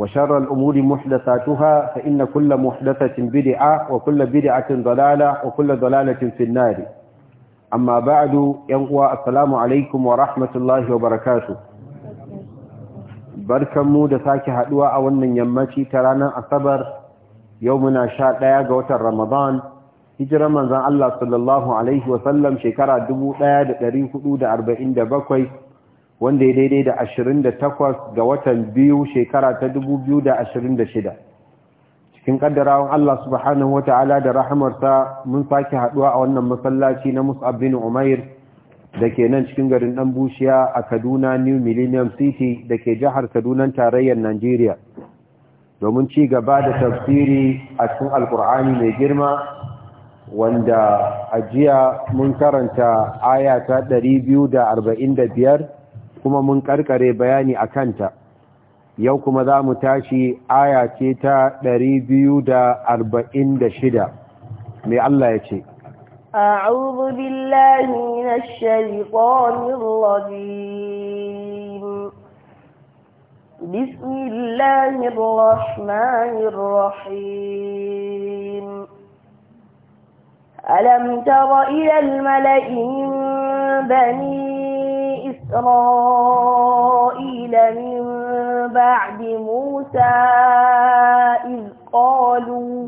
وشر الأمور محدثاتها فإن كل محدثة بدعة وكل بدعة ضلالة وكل ضلالة في النار أما بعد ينقوى السلام عليكم ورحمة الله وبركاته barkanmu da sake haduwa a wannan yammaci ta ranar asabar yau muna sha ɗaya ga watan ramadan hijira manzan Allah sallallahu Alaihi wasallam shekara bakwai. wanda ya daidai da 28 ga watan biyu shekara ta 2026 cikin kaddarawan Allah subhanahu ta'ala da rahamarsa mun sake haduwa a wannan masallaci na Mus'ab bin Umair da ke nan cikin garin Dan Bushiya a Kaduna New Millennium City da ke jihar Kaduna tarayyar Najeriya domin ci gaba da tafsiri a cikin Alkur'ani mai girma wanda a jiya mun karanta aya ta 245 kuma mun karkare bayani a kanta yau kuma za mu tashi aya ce ta 246 mai Allah ya ce أعوذ بالله من الشيطان الرجيم بسم الله الرحمن الرحيم ألم تر إلى الملئ من بني إسرائيل من بعد موسى إذ قالوا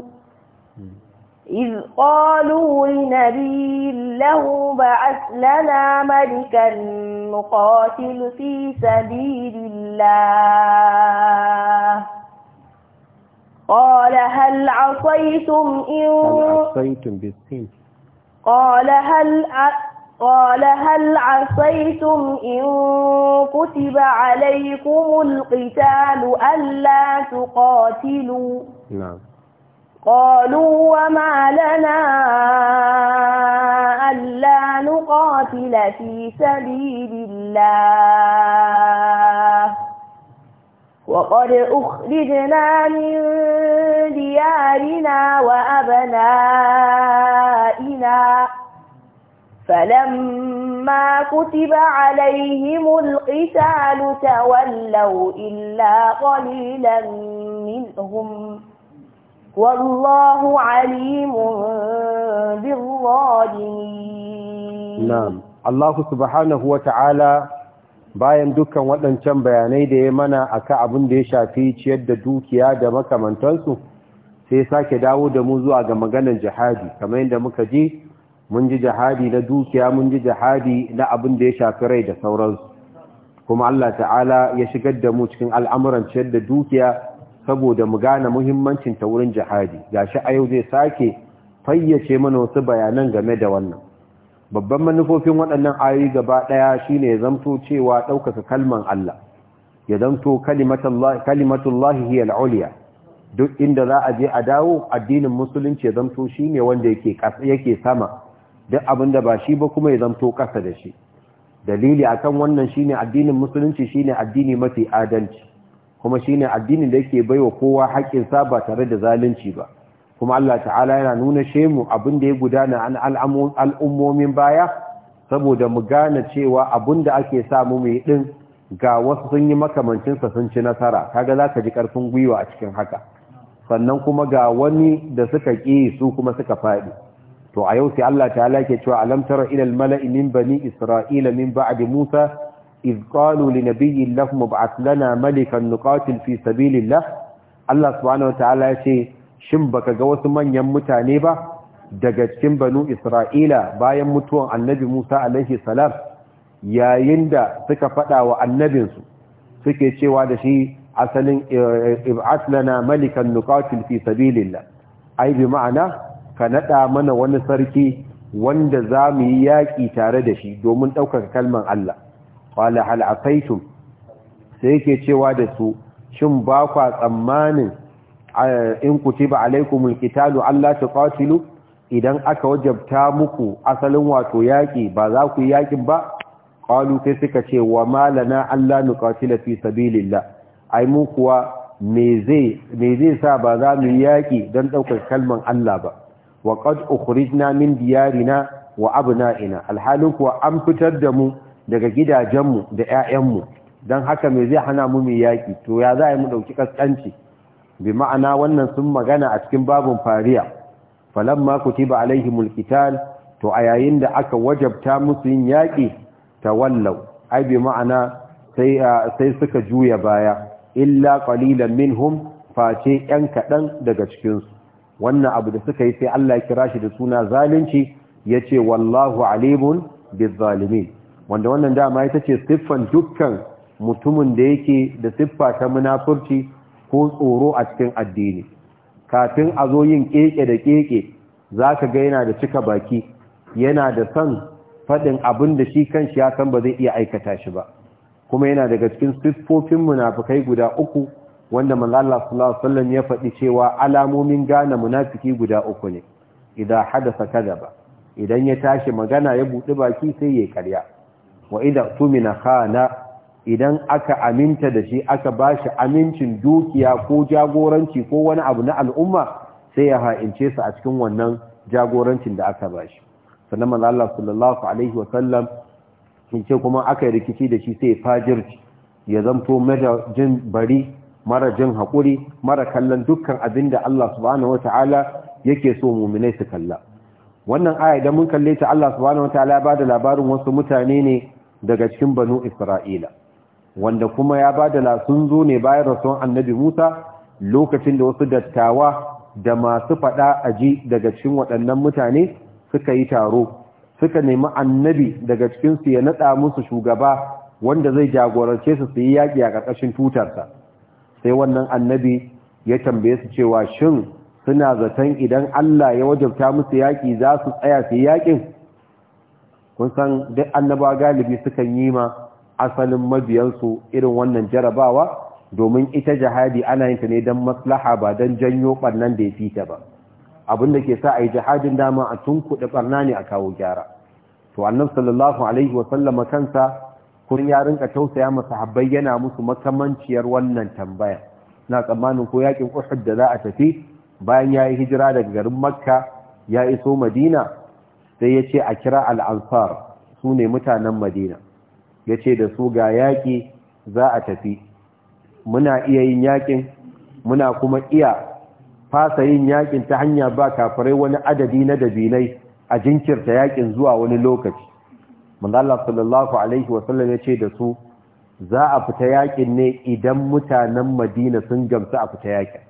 إذ قالوا لنبي له بعث لنا ملكا نقاتل في سبيل الله قال هل عصيتم إن هل عصيتم بالسين قال هل أ... قال هل عصيتم إن كتب عليكم القتال ألا تقاتلوا نعم قالوا وما لنا ألا نقاتل في سبيل الله وقد أخرجنا من ديارنا وأبنائنا فلما كتب عليهم القتال تولوا إلا قليلا منهم والله عليم بالظالمين نعم الله سبحانه وتعالى bayan dukkan waɗancan bayanai da ya mana ka abin da ya shafi ciyar da dukiya da makamantansu sai sake dawo da mu zuwa ga maganar jihadi kamar yadda muka ji mun ji jihadi na dukiya mun ji jihadi na abin da ya shafi rai da sauransu kuma Allah ta'ala ya shigar da mu cikin al'amuran ciyar da dukiya saboda mu gane muhimmancin ta wurin jihadi gashi a yau zai sake fayyace mana wasu bayanan game da wannan babban manufofin waɗannan ayoyi gaba ɗaya shine ya zamto cewa ɗaukaka kalman Allah ya zamto kalimatullahi hiya al duk inda za a je a dawo addinin musulunci ya zamto shine wanda yake sama duk abin da ba shi ba kuma ya zamto ƙasa da shi dalili akan wannan shine addinin musulunci shine addini mafi adalci kuma shine addinin da yake baiwa kowa haƙƙinsa ba tare da zalunci ba kuma Allah ta'ala yana nuna shemu abin da ya gudana an al'ummomin baya saboda mu gane cewa abin da ake samu mai ɗin ga wasu sun yi makamancinsa sun ci nasara kaga za ka ji ƙarfin gwiwa a cikin haka sannan kuma ga wani da suka ƙi su kuma suka faɗi to a yau sai Allah ta'ala ke cewa alam tara ila malai min bani isra'ila min ba'di musa iz qalu li nabiyyin lahum ib'ath lana malikan nuqatil fi sabilillah Allah subhanahu wa ta'ala ya ce shin baka ga wasu manyan mutane ba daga cikin banu isra'ila bayan mutuwan annabi musa alaihi salam yayin da suka faɗa wa annabinsu suke cewa da shi asalin eh, eh, lana malikan nuqatil fi sabilillah ai bi ma'ana ka naɗa mana wani sarki wanda za mu yi yaƙi tare da shi domin ɗaukar kalman Allah ƙwala hal’afaitun sai yake cewa da su shin ba kwa tsammanin in ku kutiba alaikumul qitalu Allah ta tuqatilu idan aka wajabta muku asalin wato yaƙi ba za ku yi yaƙin ba Kwalu sai suka ce wa malana Allah nuqatila fi sabilillah ai mu kuwa me zai sa ba za mu yi yaƙi don ɗaukar kalman Allah ba wa qad ukhrijna min na wa abna'ina alhalin kuwa an fitar da mu daga gidajenmu da 'ya'yanmu, dan haka me zai hana mu mai yaƙi? to ya za mu ɗauki ƙasƙanci? bi ma'ana wannan sun magana a cikin babun fariya falamma kutiba alaihi Mulkital! to a yayin da aka wajabta musu yin ta tawallau ai bi ma'ana sai suka juya baya illa min hum face yan kaɗan daga cikinsu. wannan abu da suka yi sai Allah ya kira shi da suna zalunci yace wallahu alimun bizzalimin wanda wannan dama ita ce siffan dukkan mutumin da yake da siffa ta munafurci ko tsoro a cikin addini kafin a zo yin keke da keke zaka ga yana da cika baki yana da san faɗin abin da shi kanshi ya san ba zai iya aikata shi ba kuma yana daga cikin siffofin munafukai guda uku wanda manzo sallallahu alaihi wasallam ya faɗi cewa alamomin gane munafiki guda uku ne idan hadasa kadaba idan ya tashi magana ya buɗi baki sai ya karya wa idan tumina khana idan aka aminta da shi aka bashi amincin dukiya ko jagoranci ko wani abu na al'umma sai ya ha'ince su a cikin wannan jagorancin da aka bashi sannan manzo sallallahu alaihi wasallam in ce kuma aka yi rikici da shi sai fajirci ya zanto jin bari mara jin haƙuri mara kallon dukkan abin da Allah subhanahu ta’ala yake so muminai su kalla wannan aya idan mun kalle ta Allah subhanahu ta’ala ba da labarin wasu mutane ne daga cikin banu Isra'ila wanda kuma ya ba da sun zo ne bayan rasuwan annabi Musa lokacin da wasu dattawa da masu faɗa aji daga cikin waɗannan mutane suka yi taro suka nemi annabi daga cikinsu ya naɗa musu shugaba wanda zai jagorance su su yi yaƙi a ƙarƙashin tutarsa sai wannan annabi ya tambaye su cewa shin suna zaton idan Allah ya wajabta musu yaƙi za su tsaya su yi yaƙin kun san duk annaba galibi sukan yi ma asalin mabiyansu irin wannan jarabawa domin ita jihadi ana yin ta ne don maslaha ba don janyo ɓarnan da ya fita ba abin da ke sa a yi jihadin dama a tunkuɗe ɓarna ne a kawo gyara to annabi sallallahu alaihi kansa kurin ya rinka tausaya masa habbai yana musu makamanciyar wannan tambaya na tsammanin ko yakin uhud da za a tafi bayan ya yi hijira daga garin makka ya iso madina sai ya ce a kira al'ansar su ne mutanen madina ya ce da su ga yaƙi za a tafi muna iya yin yaƙin muna kuma iya fasa yin yaƙin ta hanya ba kafirai wani adadi na dabinai a jinkirta yaƙin zuwa wani lokaci manzo Allah sallallahu alaihi wasallam ya ce da su za a fita yakin ne idan mutanen Madina sun gamsu a fita yakin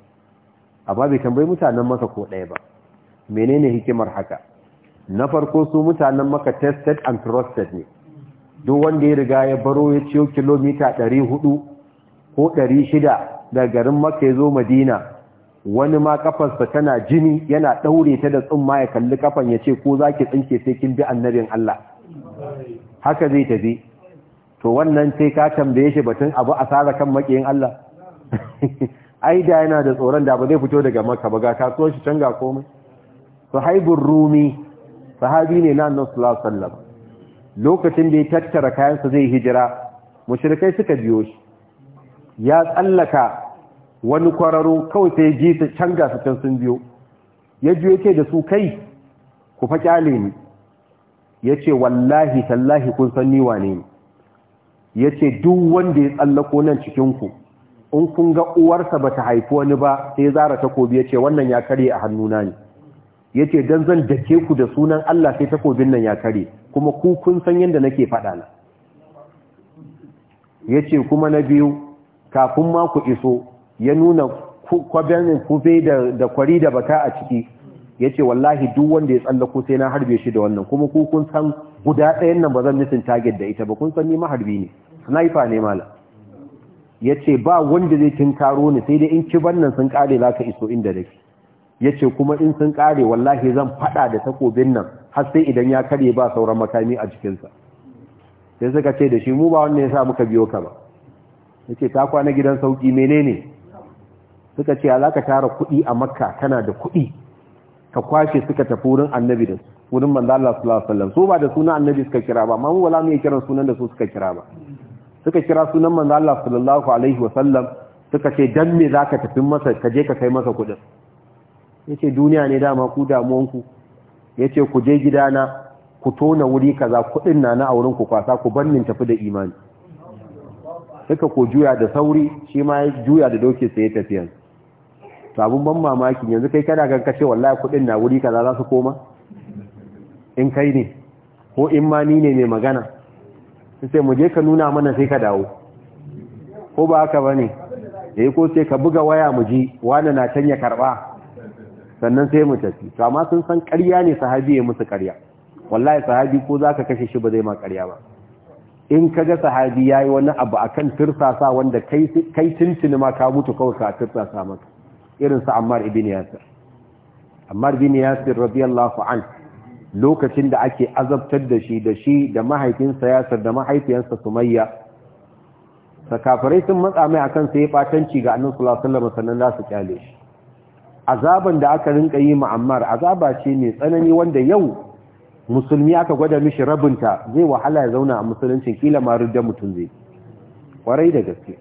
amma bai tambayi mutanen Makka ko ɗaya ba menene hikimar haka na farko su mutanen Makka tested and trusted ne duk wanda ya riga ya baro ya ciyo kilomita 400 ko 600 daga garin Makka ya zo Madina wani ma kafarsa tana jini yana daure ta da tsumma ya kalli kafan ya ce ko zaki tsinke sai kin bi annabin Allah haka zai tafi to wannan sai ka tambaye shi batun abu a tsara kan makiyin Allah ai da yana da tsoron da ba zai fito daga makka ba ga kasuwar shi can ga komai sahaibur rumi sahabi ne na annabi sallallahu alaihi wasallam lokacin da ya tattara sa zai hijira mushrikai suka biyo shi ya tsallaka wani kwararo kawai sai ji su can su can sun biyo ya ji ke da su kai ku fa kyale ni ya ce wallahi tallahi kun san ni wane ne ya ce duk wanda ya tsallako nan cikinku in kun ga uwarsa ba ta haifi wani ba sai zara takobi ya ce wannan ya kare a hannuna ne ya ce don zan dake ku da sunan Allah sai takobin nan ya kare kuma ku kun san yadda nake faɗa na ya ce kuma na biyu kafin ma ku iso ya nuna kufai da kwari da baka a ciki yace wallahi duk wanda ya tsallako sai na harbe shi da wannan kuma ku kun san guda ɗayan nan ba zan nisin target da ita ba kun san ni maharbi ne sniper ne mala ce ba wanda zai kinkaro ni sai dai in kiban bannan sun kare za ka iso inda dake ce kuma in sun kare wallahi zan fada da takobin nan har sai idan ya karye ba sauran makami a jikinsa sai suka ce da shi mu ba wannan yasa muka biyo ka ba yace ta kwana gidan sauki menene suka ce za ka tara kuɗi a makka kana da kuɗi ka kwashe suka tafi wurin annabi da wurin manzo Allah sallallahu alaihi wasallam so ba da sunan annabi suka kira ba mamu wala mai kiran sunan da su suka kira ba suka kira sunan manzo Allah sallallahu alaihi wasallam suka ce dan me zaka tafi masa ka je ka kai masa kudin yace duniya ne dama ku damuwan ku yace ku je gidana ku tona wuri kaza kudin na na wurin ku kwasa ku bar min tafi da imani suka ko juya da sauri shi ma juya da doke sai ya tafi yanzu Sabon ban mamaki yanzu kai kana gan kashe wallahi kudin na wuri kaza za su koma in kai ne ko in ma ni ne mai magana sai mu je ka nuna mana sai ka dawo ko ba haka bane eh ko sai ka buga waya mu ji wani na can ya karba sannan sai mu tafi to amma sun san ƙarya ne sahabi ya musu ƙarya wallahi sahabi ko zaka kashe shi ba zai ma ƙarya ba in ka ga sahabi yayi wani abu akan tirsasa wanda kai kai tuntuni ma ka mutu kawai ka tirsasa maka irin su Ammar ibn Yasir Ammar ibn Yasir radiyallahu an lokacin da ake azabtar da shi da shi da mahaifinsa Yasir da mahaifiyarsa Sumayya sakafarai sun matsa mai akan sai batanci ga Annabi sallallahu alaihi wasallam sannan za su kyale shi azaban da aka rinka yi ma Ammar azaba ce mai tsanani wanda yau musulmi aka gwada mishi rabinta zai wahala ya zauna a musuluncin kila ma rudda mutum zai kwarai da gaske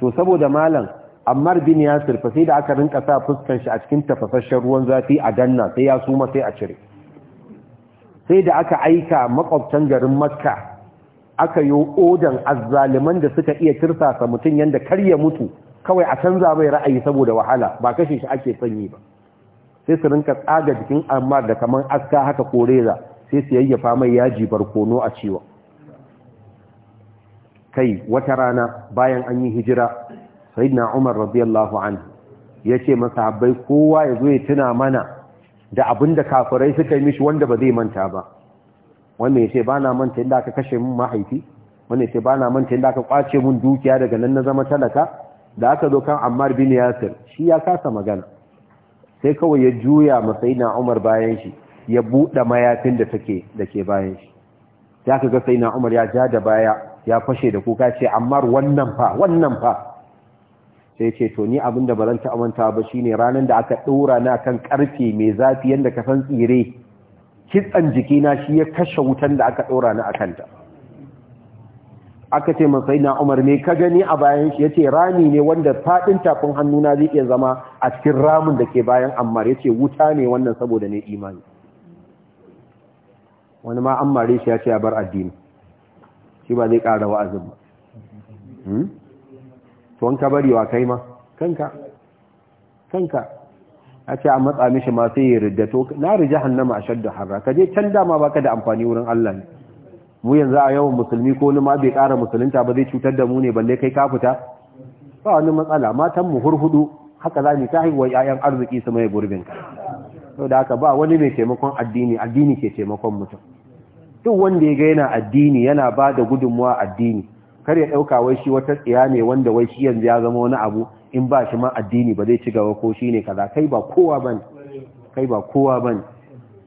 to saboda malam Amma bin ya fa sai da aka rinka sa fuskan shi a cikin tafasasshen ruwan zafi a danna sai ya suma sai a cire sai da aka aika makwabtan garin makka aka yi odan azzaliman da suka iya tirsasa mutum yadda kar ya mutu kawai a canza bai ra'ayi saboda wahala ba kashe shi ake sanyi ba sai su rinka tsaga jikin ammar da kamar aska haka koreza sai su yayyafa mai yaji barkono a ciwon kai wata rana bayan an yi hijira sayyidina Umar radiyallahu anhu yace masahabbai kowa ya zo ya tuna mana da abinda kafirai suka yi mishi wanda ba zai manta ba wannan yace ba na manta inda aka kashe mun mahaifi wannan yace ba na manta inda aka kwace mun dukiya daga nan na zama talaka da aka zo kan Ammar bin Yasir shi ya kasa magana sai kawai ya juya ma sayyidina Umar bayan shi ya buɗe mayafin da take da ke bayan shi ya ka ga sayyidina Umar ya ja da baya ya fashe da kuka ce Ammar wannan fa wannan fa sai ce to ni abin da baran ta amanta ba shine ranan da aka ɗora na kan karfe mai zafi yadda ka san tsire kitsan jiki na shi ya kashe wutan da aka ɗora na akan ta aka ce man sai na umar ne ka gani a bayan shi yace rami ne wanda fadin tafin hannu na zai iya zama a cikin ramin da ke bayan amma yace wuta ne wannan saboda ne imani wani ma ammar shi yace ya bar addini shi ba zai ƙara wa'azin ba hmm? to bari wa kai ma kanka kanka a ce a matsa mishi ma sai ya ridda to na rija hannama a shadda harra ka je can dama ba ka da amfani wurin Allah ne mu yanzu a yawan musulmi ko ni ma bai ƙara musulunta ba zai cutar da mu ne balle kai ka fita ba wani matsala matan mu hurhudu haka za mu ta haihuwa ƴaƴan arziki su mai gurbin ka to da haka ba wani mai taimakon addini addini ke taimakon mutum duk wanda ya ga yana addini yana ba da gudunmuwa addini kar ya ɗauka wai shi wata tsiya ne wanda wai shi yanzu ya zama wani abu in ba shi ma addini ba zai ci gaba ko shi ne kaza kai ba kowa ne. kai ba kowa ne.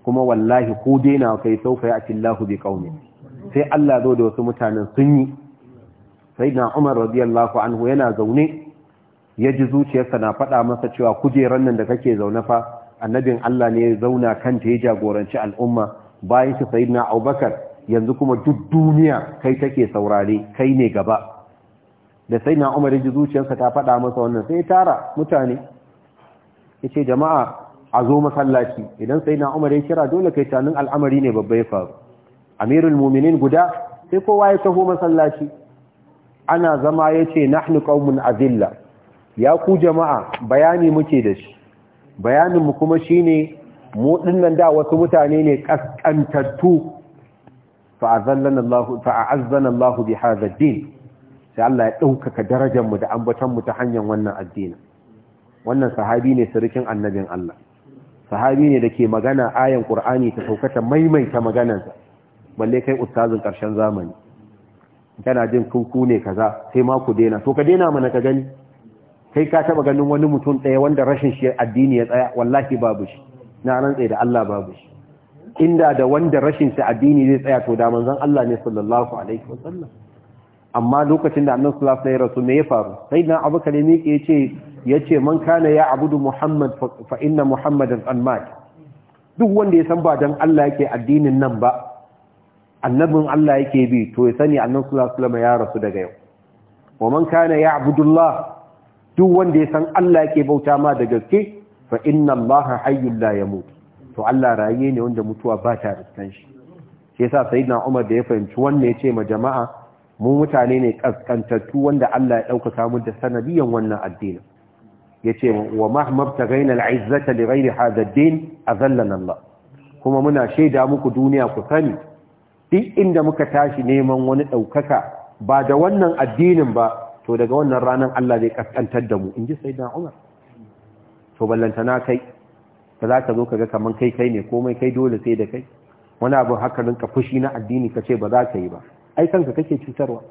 kuma wallahi ko daina kai saufa ya ati Allahu bi kaune sai Allah zo da wasu mutanen sun yi sayyidina Umar radiyallahu anhu yana zaune ya ji zuciyarsa na faɗa masa cewa kujerar nan da kake zaune fa annabin Allah ne ya zauna kanta ya jagoranci al'umma bayan shi sayyidina Abubakar yanzu kuma duk duniya kai take saurare kai ne gaba da sai na umar ji zuciyarsa ta faɗa masa wannan sai ya tara mutane ya ce jama'a a zo masallaci idan sai na umar ya kira dole kai tanin al'amari ne babba ya faru amirul muminin guda sai kowa ya taho masallaci ana zama ya ce nahnu qaumun azilla ya ku jama'a bayani muke da shi bayaninmu kuma shine mu dinnan da wasu mutane ne kaskantattu fa’azzan Allah bi hadha din sai Allah ya ɗaukaka darajarmu da ambatonmu ta hanyar wannan addini wannan sahabi ne sirikin annabin Allah sahabi ne da ke magana ayan ƙur'ani ta saukata maimaita maganarsa balle kai ustazin ƙarshen zamani kana jin kuku ne kaza sai ma ku daina to ka daina mana ka gani kai ka taba ganin wani mutum ɗaya wanda rashin shi addini ya tsaya wallahi babu shi na ran tsaye da Allah babu shi inda da wanda rashin sa addini zai tsaya to da manzon Allah ne sallallahu alaihi wasallam amma lokacin da annabi sallallahu alaihi wasallam ya faru sai na Abu Bakar ne yace man kana ya abudu Muhammad fa inna Muhammadan an duk wanda ya san ba dan Allah yake addinin nan ba annabin Allah yake bi to ya sani annabi sallallahu alaihi wasallam ya rasu daga yau wa man kana ya abudu duk wanda ya san Allah yake bauta ma da gaske fa inna Allah hayyul la yamut to Allah raye ne wanda mutuwa ba ta riskan shi shi yasa sayyidina Umar da ya fahimci wanda ya ce ma jama'a mu mutane ne kaskantattu wanda Allah ya dauka mu da sanadiyan wannan addinin yace wa mahmab tagaina al'izzata li ghairi hadha ad-din azallana Allah kuma muna shaida muku duniya ku sani duk inda muka tashi neman wani daukaka ba da wannan addinin ba to daga wannan ranar Allah zai kaskantar da mu inji sayyidina Umar to ballantana kai da za ka zo ka ga kamar kai kai ne komai kai dole sai da kai wani abu haka rinka fushi na addini ka ce ba za ka yi ba ai kanka kake cutarwa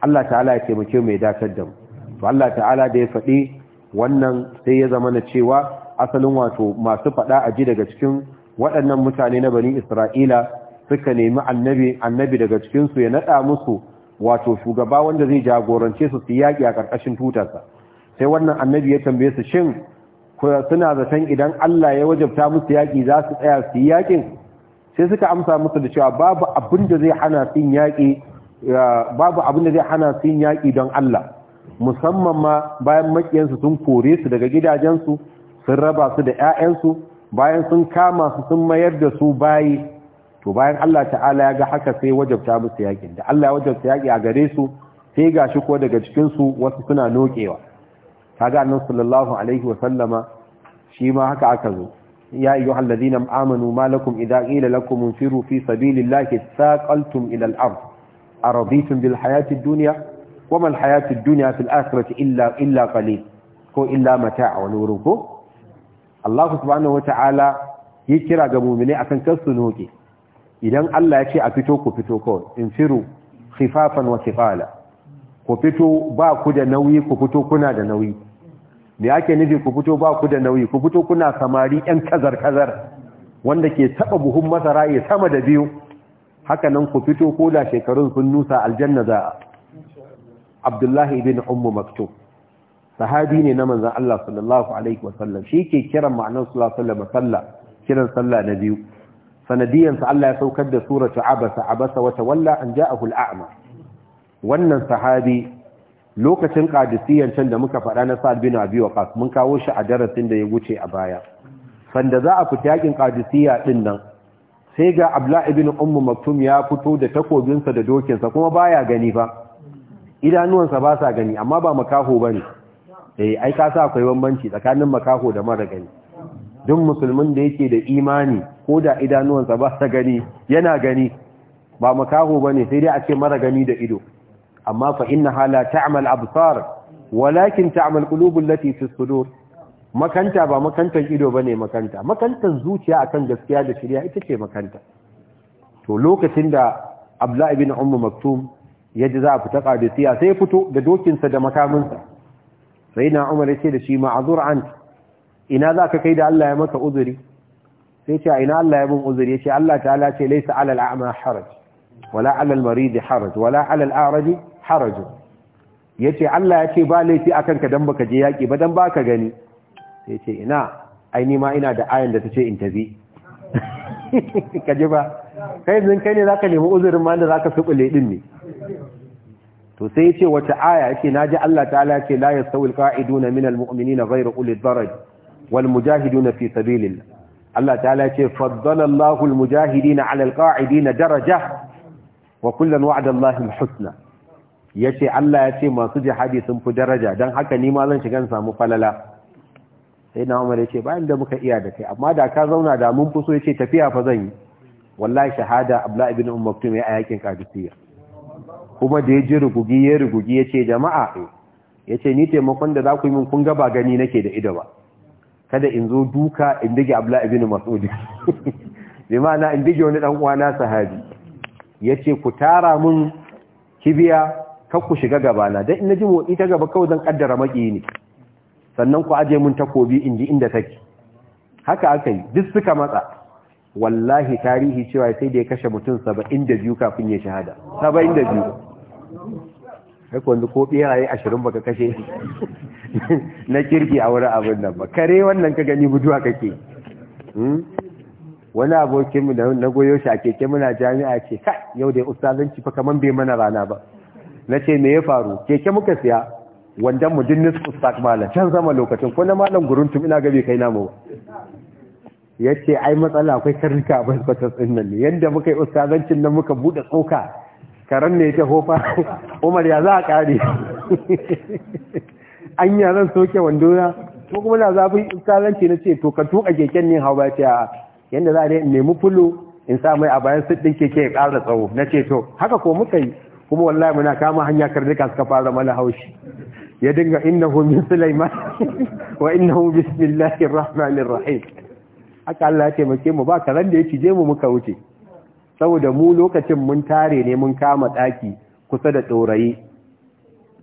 Allah ta'ala ya taimake mai dakar da mu to Allah ta'ala da ya faɗi wannan sai ya zama na cewa asalin wato masu faɗa a ji daga cikin waɗannan mutane na bani Isra'ila suka nemi annabi annabi daga cikinsu ya naɗa musu wato shugaba wanda zai jagorance su su yaki a ƙarƙashin tutarsa sai wannan annabi ya tambaye su shin suna zaton idan Allah ya wajabta musu yaƙi za su tsaya su yi yaƙin sai suka amsa musu da cewa babu abin da zai hana su yaƙi babu abin da zai hana su yaƙi don Allah musamman ma bayan maƙiyansu sun kore su daga gidajensu sun raba su da 'ya'yansu bayan sun kama su sun mayar da su bayi to bayan Allah ta'ala ya ga haka sai wajabta musu yaƙin da Allah ya wajabta yaƙi a gare su sai gashi ko daga cikin su wasu suna nokewa kaga annabi sallallahu alaihi wa sallama shi ma haka aka zo ya ayyuha alladhina amanu ma lakum idha qila lakum infiru fi sabilillahi thaqaltum ila al-ard araditum bil hayati ad-dunya wa ma al-hayatu ad-dunya fil akhirati illa illa qalil ko illa mata'u nurukum Allah subhanahu ta'ala ya kira ga mu'mini akan kansu noke idan Allah ya ce a fito ku fito kawai infiru khifafan wa thiqala ku fito ba ku da nauyi ku fito kuna da nauyi me ake nufi ku fito ba ku da nauyi ku fito kuna samari yan kazar-kazar wanda ke taba buhun masara ya sama da biyu haka nan ku fito ko da shekarun sun nusa aljanna za Abdullahi ibn Ummu Maktub sahabi ne na manzon Allah sallallahu alaihi wasallam shi ke kiran ma'anar sallallahu alaihi wasallam kiran sallah na biyu sanadiyansa Allah ya saukar da suratu abasa abasa wata walla an ja'ahu al'ama wannan sahabi lokacin qadisiyan can da muka faɗa na Sa'ad bin Abi ƙas mun kawo shi a darasin da ya wuce a baya sanda za a fita yakin qadisiya ɗin nan sai ga Abla ibn Ummu Maktum ya fito da takobinsa da dokinsa kuma baya gani ba. idanuwansa ba sa gani amma ba makaho ba ne, eh ai ka sa akwai bambanci tsakanin makaho da mara gani duk musulmin da yake da imani ko da idanuwansa ba sa gani yana gani ba makaho ba ne sai dai a ce mara gani da ido amma fa hala la ta'mal absar walakin ta'mal qulubul lati fi sudur makanta ba makantan ido bane makanta makantan zuciya akan gaskiya da shari'a ita ce makanta to lokacin da abla ibn ummu maktum yaji za a fita qadisiya sai fito da dokinsa da makaminsa sai na umar yace da shi ma'azur an ina za ka kai da Allah ya maka uzuri sai ce ina Allah ya mun uzuri yace Allah ta'ala ce laysa 'alal a'ma haraj wala alal maridi haraj wala alal araji haraj yace Allah yace ba laifi akanka dan baka je yaki ba dan baka gani yace ina ai ni ma ina da ayan da tace in tabi kaje ba kai zan kai ne zaka nemi uzurin ma da zaka subule din ne to sai yace wata aya yace naji Allah ta'ala yace la yasawil qa'iduna minal mu'minina ghayru ulil daraj wal mujahiduna fi sabilillah Allah ta'ala yace faddala Allahu al mujahidina 'ala al qa'idina daraja wa kullun wa'adallahi al-husna yace Allah ya ce masu jihadi sun fi daraja dan haka ni ma zan shiga samu falala sai na Umar yace bayan da muka iya da kai amma da ka zauna da mun fi so yace tafiya fa zan yi wallahi shahada Abdullah ibn Umm Maktum ya ayakin kadisiya kuma da ya ji rugugi ya rugugi yace jama'a eh, yace ni taimakon da za ku yi min kun ga ba gani nake da ido ba kada in zo duka in dige Abdullah ibn Mas'ud bi ma'ana in dige wani dan uwa na sahabi ya ce ku tara mun kibiya kan ku shiga gabana don ina ji motsi ta gaba kawai zan ƙaddara maƙi ne sannan ku aje mun takobi in ji inda take haka aka yi duk suka matsa wallahi tarihi cewa sai da ya kashe mutum saba'in da biyu kafin ya shahada saba'in da biyu haka wanda ko ɓeraye ashirin baka kashe na kirki a wurin abin nan ba kare wannan ka gani guduwa kake hmm? wani abokinmu da na goyo shi a keke muna jami'a ce kai yau da ustazanci fa kaman bai mana rana ba na ce me ya faru keke muka siya wandan mu din nisfu malam can zama lokacin ko na malam guruntum ina gabe kai namu ya ce ai matsala akwai karnuka a bai ta tsinna ne yadda muka yi ustazancin nan muka buɗe tsoka karen ne ta hofa umar ya za a kare an yi zan soke wando na ko kuma na zafin ustazanci na ce to ka tuka keken ne hawa ta ce yadda za a ne nemi fulu in sa mai a bayan siddin keke ya kara tsawo na ce to haka ko muka yi kuma wallahi muna kama hanya karnuka suka fara mana haushi ya dinga hu min sulaiman wa hu bismillahir rahmanir rahim haka Allah ya taimake mu ba karan da ya cije mu muka wuce saboda mu lokacin mun tare ne mun kama daki kusa da tsorayi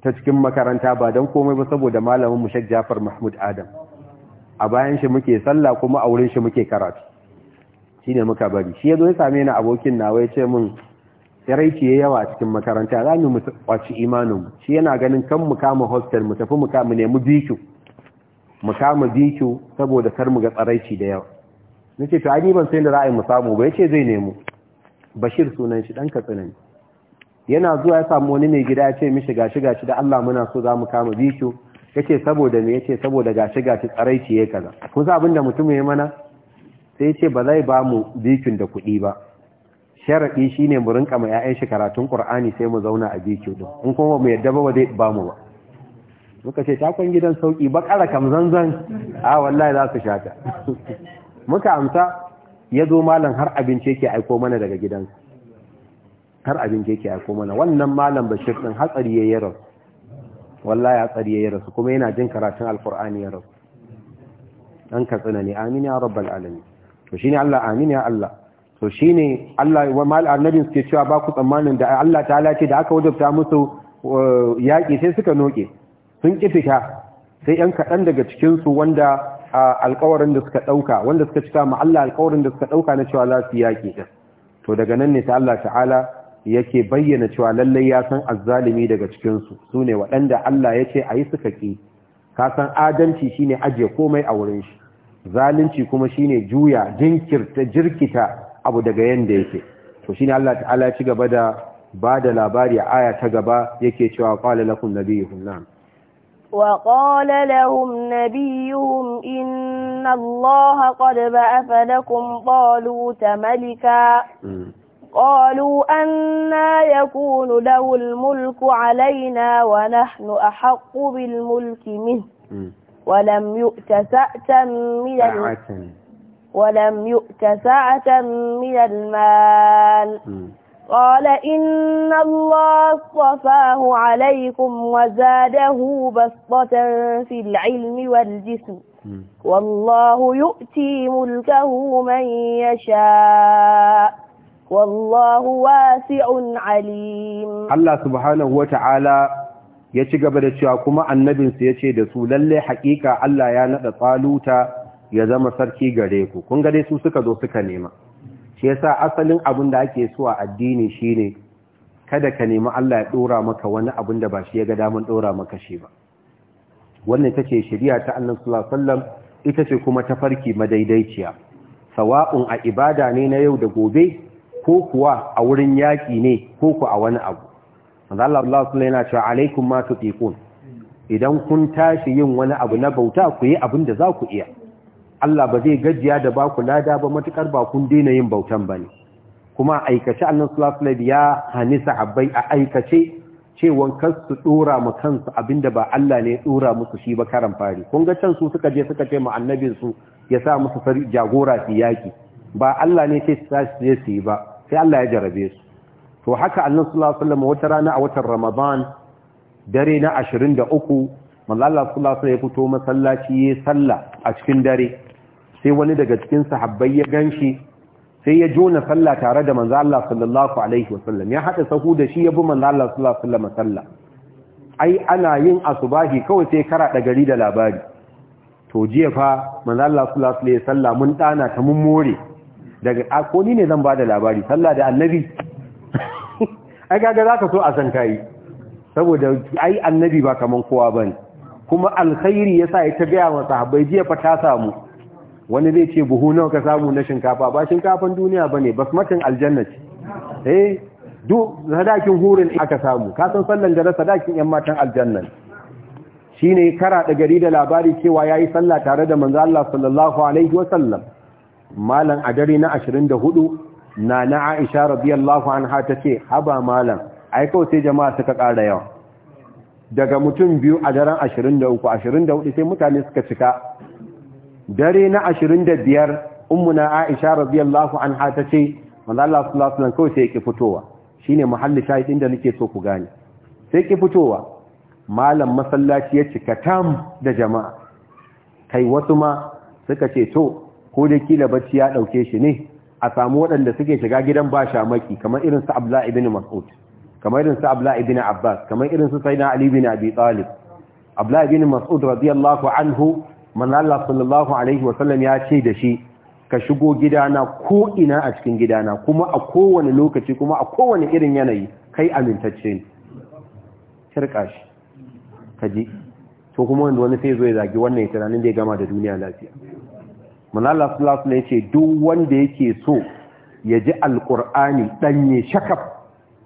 ta cikin makaranta ba don komai ba saboda malamin mu Sheikh Jafar Mahmud Adam a bayan shi muke sallah kuma a wurin shi muke karatu Shi ne muka bari shi ya zo ya same ni abokin nawa ya ce min tsiraici ya yawa a cikin makaranta za mu kwaci imanin shi yana ganin kan mu kama hostel mu tafi mu kama nemi biku mu kama biku saboda kar mu ga tsiraici da yawa nace to ani ban sai da ra'ayi mu samu ba ce zai nemo bashir sunan shi dan katsina ne yana zuwa ya samu wani mai gida ya ce mishi gashi gashi da Allah muna so za mu kama biku yace saboda me yace saboda gashi gashi tsiraici ya kaza kun sa abinda mutum ya mana sai ce ba zai ba mu bikin da kuɗi ba sharaɗi shine mu murin ma 'ya'yan shi karatun Qur'ani sai mu zauna a bikin ɗin in kuma mu yadda ba ba zai ba mu ba muka ce takon gidan sauƙi ba ƙara kam zanzan a wallahi za su shata muka amsa ya zo malam har abinci yake aiko mana daga gidansa har abinci yake aiko mana wannan malam bashir ɗin hatsari ya yi rasu wallahi hatsari ya yi rasu kuma yana jin karatun alkur'ani ya rasu an ka tsinani amin ya rabbal alamin to shine Allah amin ya Allah to shine Allah wa mal annabin suke cewa ba ku tsammanin da Allah ta ce da aka wajabta musu uh, yaki sai suka noke sun ki fita sai yan kaɗan daga cikin su wanda uh, alƙawarin da suka ɗauka wanda suka cika ma Allah alƙawarin da suka ɗauka na cewa za su yaƙi to daga nan ne ta Allah ta'ala yake bayyana cewa lallai ya san azzalimi daga cikin su sune waɗanda Allah ya ce ayi suka ki ka san adalci shine aje komai a wurin shi zalunci kuma shine juya jinkirta jirkita abu daga yanda yake to shine Allah ta'ala ya ci gaba da ba da labari a aya ta gaba yake cewa qala lakum nabiyuhum na'am وقال لهم نبيهم إن الله قد بعث لكم طالوت ملكا قالوا أنا يكون له الملك علينا ونحن أحق بالملك منه ولم يؤت سعة من ولم يؤت سعة من المال قال إن الله اصطفاه عليكم وزاده بسطة في العلم والجسم والله يؤتي ملكه من يشاء والله واسع عليم الله سبحانه وتعالى ya ci gaba da cewa kuma annabinsu ya ce da su lalle haƙiƙa Allah ya naɗa tsaluta ya zama sarki gare ku kun gare su suka zo suka nema shi yasa asalin abin da ake so a addini shine kada ka nemi Allah ya ɗora maka wani abin da ba shi ya ga damar ɗora maka shi ba wannan ita ce shari'a ta annan sallallahu ita ce kuma ta farki madaidaiciya sawa'un a ibada ne na yau da gobe ko kuwa a wurin yaƙi ne ko ku a wani abu Allah Allah yana cewa alaikum ma tuqiqun idan kun tashi yin wani abu na bauta ku yi abin da za ku iya Allah ba zai gajiya da ba ku lada ba matukar ba kun daina yin bautan ba ne. kuma aikace annan sallallahu ya hani sahabbai a aikace cewon kar su dora ma kansu abinda ba Allah ne ya dora musu shi ba karan fari kun ga can su suka je suka ce ma annabin su ya sa musu jagora fi yaki ba Allah ne ce su je su yi ba sai Allah ya jarabe su to haka annabi sallallahu alaihi wasallam wata rana a watan ramadan dare na 23 manzo Allah sallallahu alaihi wasallam ya fito masallaci ya salla a cikin dare sai wani daga cikin sahabbai ya ganshi sai ya jona salla tare da manzo Allah sallallahu alaihi wasallam ya hada sahu da shi ya bi manzo Allah sallallahu alaihi wasallam salla ai ana yin asubahi kawai sai kara da gari da labari to jiya fa manzo Allah sallallahu alaihi wasallam mun dana ta mun more daga ko ni ne zan ba da labari sallah da annabi ai da zaka so a san kai saboda ai annabi ba kaman kowa bane kuma alkhairi yasa ya ta gaya wa sahabbai jiya fa ta samu wani zai ce buhu nawa ka samu na shinkafa ba shinkafan duniya bane basmatin aljanna ce eh duk sadakin hurin aka samu ka san sallan gare sadakin yan matan aljanna shine kara da gari da labari cewa yayi sallah tare da manzo Allah sallallahu alaihi wasallam malam a dare na 24 na na aisha radiyallahu anha tace haba malam ai kawai sai jama'a suka ƙara yawa daga mutum biyu a daren 23 24 sai mutane suka cika dare na 25 ummuna aisha radiyallahu anha tace manzo Allah sallallahu alaihi wasallam kawai sai yake fitowa shine muhalli shahid inda nake so ku gane sai yake fitowa malam masallaci ya cika tam da jama'a kai wasu ma suka ce to ko da kila bacci ya dauke shi ne a samu waɗanda suke shiga gidan ba maki kamar irin su abla ibn mas'ud kamar irin su abla ibn abbas kamar irin su sayyidina ali ibn abi talib abla ibn mas'ud radiyallahu anhu manzo Allah sallallahu alaihi wasallam ya ce da shi ka shigo gidana ko ina a cikin gidana kuma a kowane lokaci kuma a kowane irin yanayi kai amintacce ne shirka shi kaji to kuma wanda wani sai zo ya zagi wannan tunanin zai gama da duniya lafiya manala sallallahu alaihi ce duk wanda yake so ya ji alqur'ani ne shakaf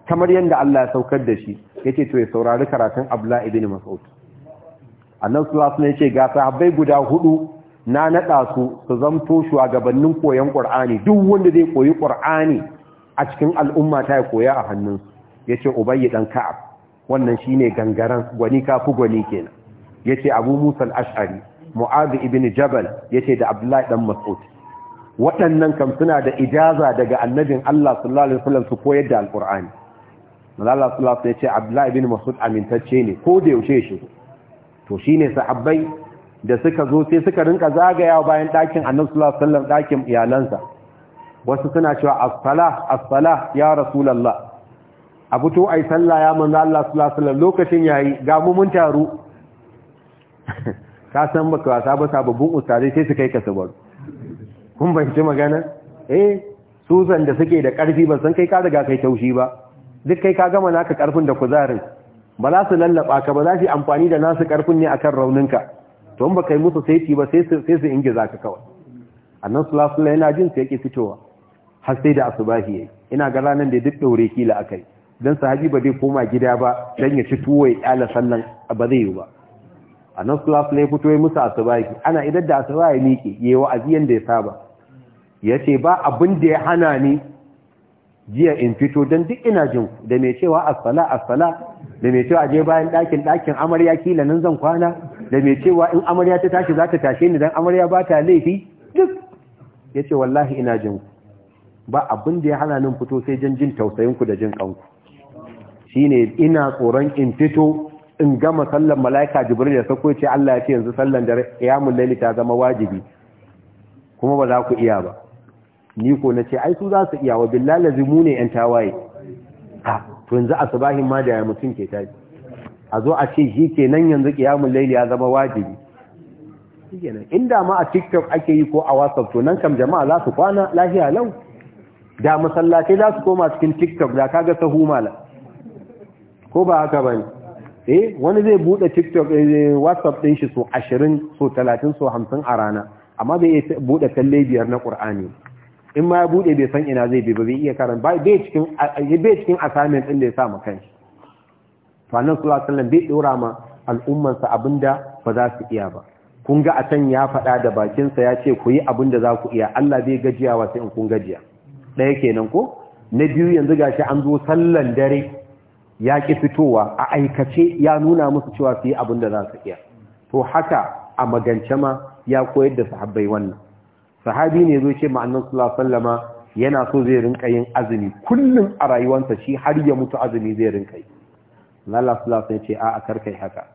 kamar yadda Allah ya saukar da shi ya ce to ya saurari karatun abla ibn mas'ud annabi sallallahu ne ce ga sahabbai guda hudu na naɗa su su zamto shugabannin koyon ƙur'ani, duk wanda zai koyi ƙur'ani a cikin al'umma ta ya koya a hannunsu ce ubayi ɗan ka'ab wannan shine gangaren gwani kafu gwani kenan ce abu musa ashari mu'adh ibn jabal yace da abdullahi dan mas'ud waɗannan kam suna da ijaza daga annabin Allah sallallahu alaihi wasallam su koyar da alqur'ani manzo Allah sallallahu alaihi wasallam yace abdullahi ibn mas'ud amintacce ne ko da yaushe shi to shine sahabbai da suka zo sai suka rinka zagayawa bayan ɗakin annabi sallallahu alaihi wasallam ɗakin iyalansa wasu suna cewa as-salah as-salah ya rasulullah abu to ai sallah ya manzo Allah sallallahu alaihi wasallam lokacin yayi ga mu mun taru ka san baka wasa ba sababbin ustazai sai su kai ka sabar kun banci magana eh susan da suke da karfi ba san kai ka riga kai taushi ba duk kai ka gama naka karfin da kuzarin ba za su lallaba ka ba za su amfani da nasu karfin ne akan rauninka to in baka yi musu saiti ba sai su sai su ingiza ka kawai annan sallallahu yana jin sai yake fitowa har sai da asubahi yayi ina ga ranan da duk daure kila akai dan sahabi ba zai koma gida ba dan ya ci tuwo ya sallan ba zai yi ba a nan sulasula ya fito ya musu asuba yake ana idan da asuba ya miƙe ya yi wa'azi yadda ya saba ya ce ba abin da ya hana ni jiya in fito don duk ina jin da mai cewa asala asala da mai cewa je bayan ɗakin ɗakin amarya kila nan zan kwana da mai cewa in amarya ta tashi za ta tashe ni don amarya ba ta laifi duk ya ce wallahi ina jin ba abin da ya hana nan fito sai jan jin tausayin ku da jin kanku shine ina tsoron in fito in gama sallan mala'ika jibril ya sako ce Allah ya ce yanzu sallan dare qiyamul layli ta zama wajibi kuma ba za ku iya ba ni ko nace ai su za su iya wa billahi lazimu ne yan tawaye ha to yanzu asbahin ma da ya mutun ke tashi a zo a ce shi kenan yanzu qiyamul layli ya zama wajibi kenan inda ma a TikTok ake yi ko a WhatsApp to nan kam jama'a za su kwana lafiya lau da masallatai za su koma cikin TikTok da kaga sahu mala ko ba haka bane eh wani zai bude tiktok eh, whatsapp din shi so 20 so 30 so 50 a rana amma bai iya bude kalle biyar na qur'ani in ma ya bude bai san ina zai bi ba bai iya karan bai cikin eh, bai cikin assignment din da ya sa ma kanshi to annabi sallallahu alaihi wasallam bai dora ma al'umman sa abinda ba za su iya ba kun ga a ya faɗa da bakinsa ya ce ku yi abin da za ku iya Allah zai bai wa sai in kun gajiya ɗaya kenan ko na biyu yanzu gashi an zo sallan dare ya ƙi fitowa a aikace ya nuna musu cewa su yi abin da za su iya to haka a magance ma ya koyar da sahabbai wannan sahabi ne zo ce ma'annan sallallahu sallama yana so zai rinka yin azumi kullum a rayuwarsa shi har ya mutu azumi zai rinka yi lalla sallallahu ya ce a a karkai haka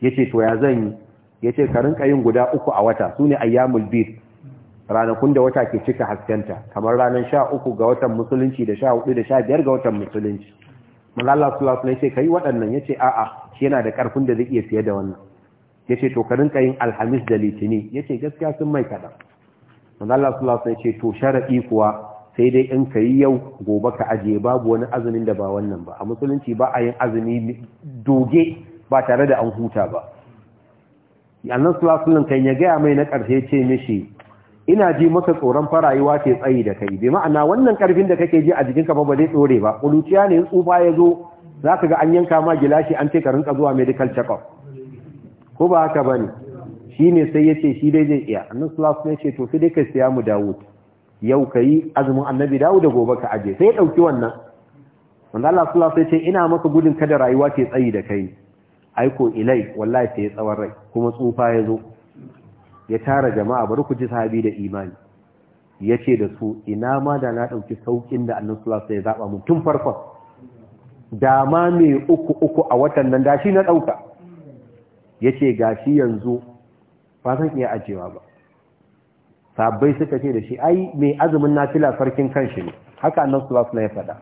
yace to ya zan yi ce ka rinka yin guda uku a wata sune ayyamul bid ranakun da wata ke cika haskenta kamar ranar sha uku ga watan musulunci da sha hudu da sha biyar ga watan musulunci malala ya ce ka yi waɗannan Ya yace a'a shi yana da ƙarfin da zai iya fiye da wannan Ya ce to ka ƙayin alhamis da litini ce gaskiya sun mai kada malala sallallahu na ce yace to sharaɗi kuwa sai dai in ka yi yau gobe ka ajiye. babu wani azumin da ba wannan ba a musulunci ba a yin azumi doge ba tare da an huta ba annan sallallahu alaihi kan ya gaya mai na karshe ce mishi ina ji maka tsoron farayuwa ke tsayi da kai bi ma'ana wannan karfin da kake ji a jikinka ba ba zai tsore ba kuluciya ne tsufa ya zo za ka ga an yanka ma gilashi an ce ka rinka zuwa medical check-up ko ba haka ba ne shi ne sai ya shi dai zai iya annan sulasu ne ce to sai dai ka siya mu dawud yau ka yi azumin annabi dawud da gobe ka aje sai ya ɗauki wannan wanda allah sulasu ya ce ina maka gudun kada rayuwa ke tsayi da kai aiko ilai wallahi sai ya tsawon rai kuma tsufa ya zo ya tara jama'a bari ku ji sahabi da imani ya ce da su ina ma da na ɗauki sauƙin da annan sulasa ya zaɓa mutum farkon da ma mai uku uku a watan nan da shi na ɗauka ya ce ga shi yanzu ba zan iya ajewa ba sabbai suka ce da shi ai mai azumin na fila sarkin shi ne haka annan sulasa ya faɗa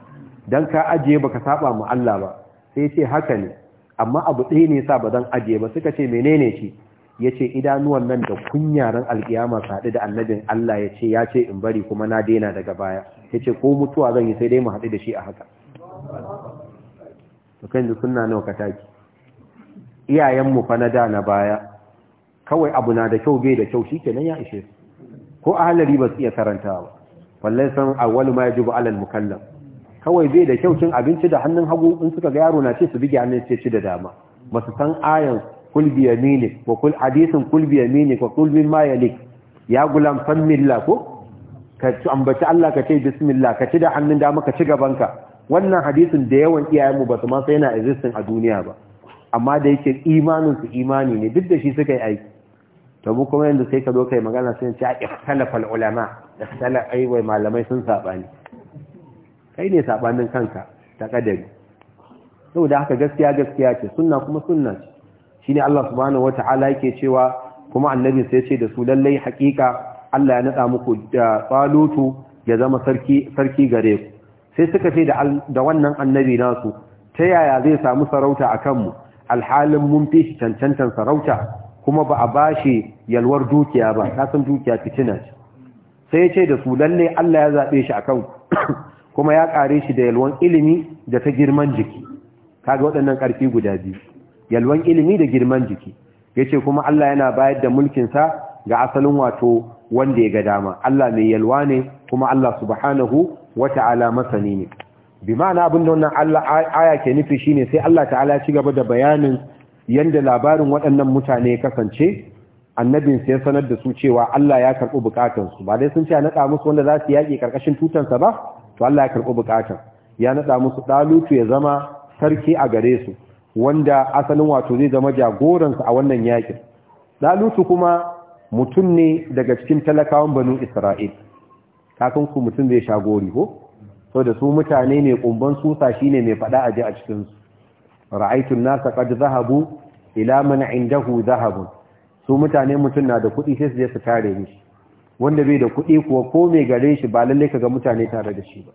don ka ajiye ba ka saba mu Allah ba sai ce haka ne amma abu ɗaya ne sa ba zan ajiye ba suka ce menene shi ya ce idanuwan nan da kunyaran alƙiyama su haɗu da annabin Allah ya ce ya ce in bari kuma na daina daga baya ya ce ko mutuwa zan yi sai dai mu haɗu da shi a haka kan da suna nawa ka taki iyayenmu fa na da na baya kawai abu na da kyau bai da kyau shi ke nan ya ishe ko a halari ba su iya karanta ba wallai san awwalu ma yajibu alal mukallam kawai bai da kyau cin abinci da hannun hagu in suka ga yaro na ce su bige hannun ce ci da dama ba su san ayan kul bi yaminik wa kul hadithun kul bi yaminik wa kul mimma yalik ya gulam san ko ka ambaci Allah ka ce bismillah ka ci da hannun dama ka ci gabanka wannan hadisin da yawan iyayenmu ba su ma sai yana existing a duniya ba amma da yake imanin su imani ne duk da shi suka yi aiki to mu kuma yanda sai ka zo kai magana sai ce ikhtalafal ulama ikhtala ai wai malamai sun sabani kai ne sabanin kanka ta kadari saboda haka gaskiya gaskiya ce sunna kuma sunna ce shine Allah subhanahu wataala yake cewa kuma annabi sai ya ce da su lallai hakika Allah ya nada muku da salutu ya zama sarki sarki gare ku sai suka ce da wannan annabi nasu ta yaya zai samu sarauta a kanmu alhalin mun fi shi cancantan sarauta kuma ba a bashi yalwar dukiya ba ta san dukiya fitina ce sai ya ce da su lalle Allah ya zaɓe shi a kan kuma ya kare shi da yalwan ilimi da ta girman jiki kaga waɗannan ƙarfi guda biyu yalwan ilimi da girman jiki yace kuma Allah yana bayar da mulkin sa ga asalin wato wanda ya ga dama Allah mai yalwa ne kuma Allah subhanahu wata'ala masani ne bi ma'ana abin da wannan Allah aya ke nufi shine sai Allah ta'ala ya ci gaba da bayanin yanda labarin waɗannan mutane ya kasance annabin sai sanar da su cewa Allah ya karɓi su ba dai sun ce naɗa musu wanda za su yaƙi tutan sa ba to Allah ya karɓi bukatan ya naɗa musu dalutu ya zama sarki a gare su wanda asalin wato zai zama jagoransa a wannan yakin lalutu kuma mutum ne daga cikin talakawan banu isra'il kafin ku mutum zai shagori ko Sau da su mutane ne kumban susa shine mai fada aje a cikin su ra'aytun nasa qad zahabu ila man indahu zahabun su mutane mutum na da kuɗi sai su je su kare mishi wanda bai da kuɗi kuwa ko mai gare shi ba ka ga mutane tare da shi ba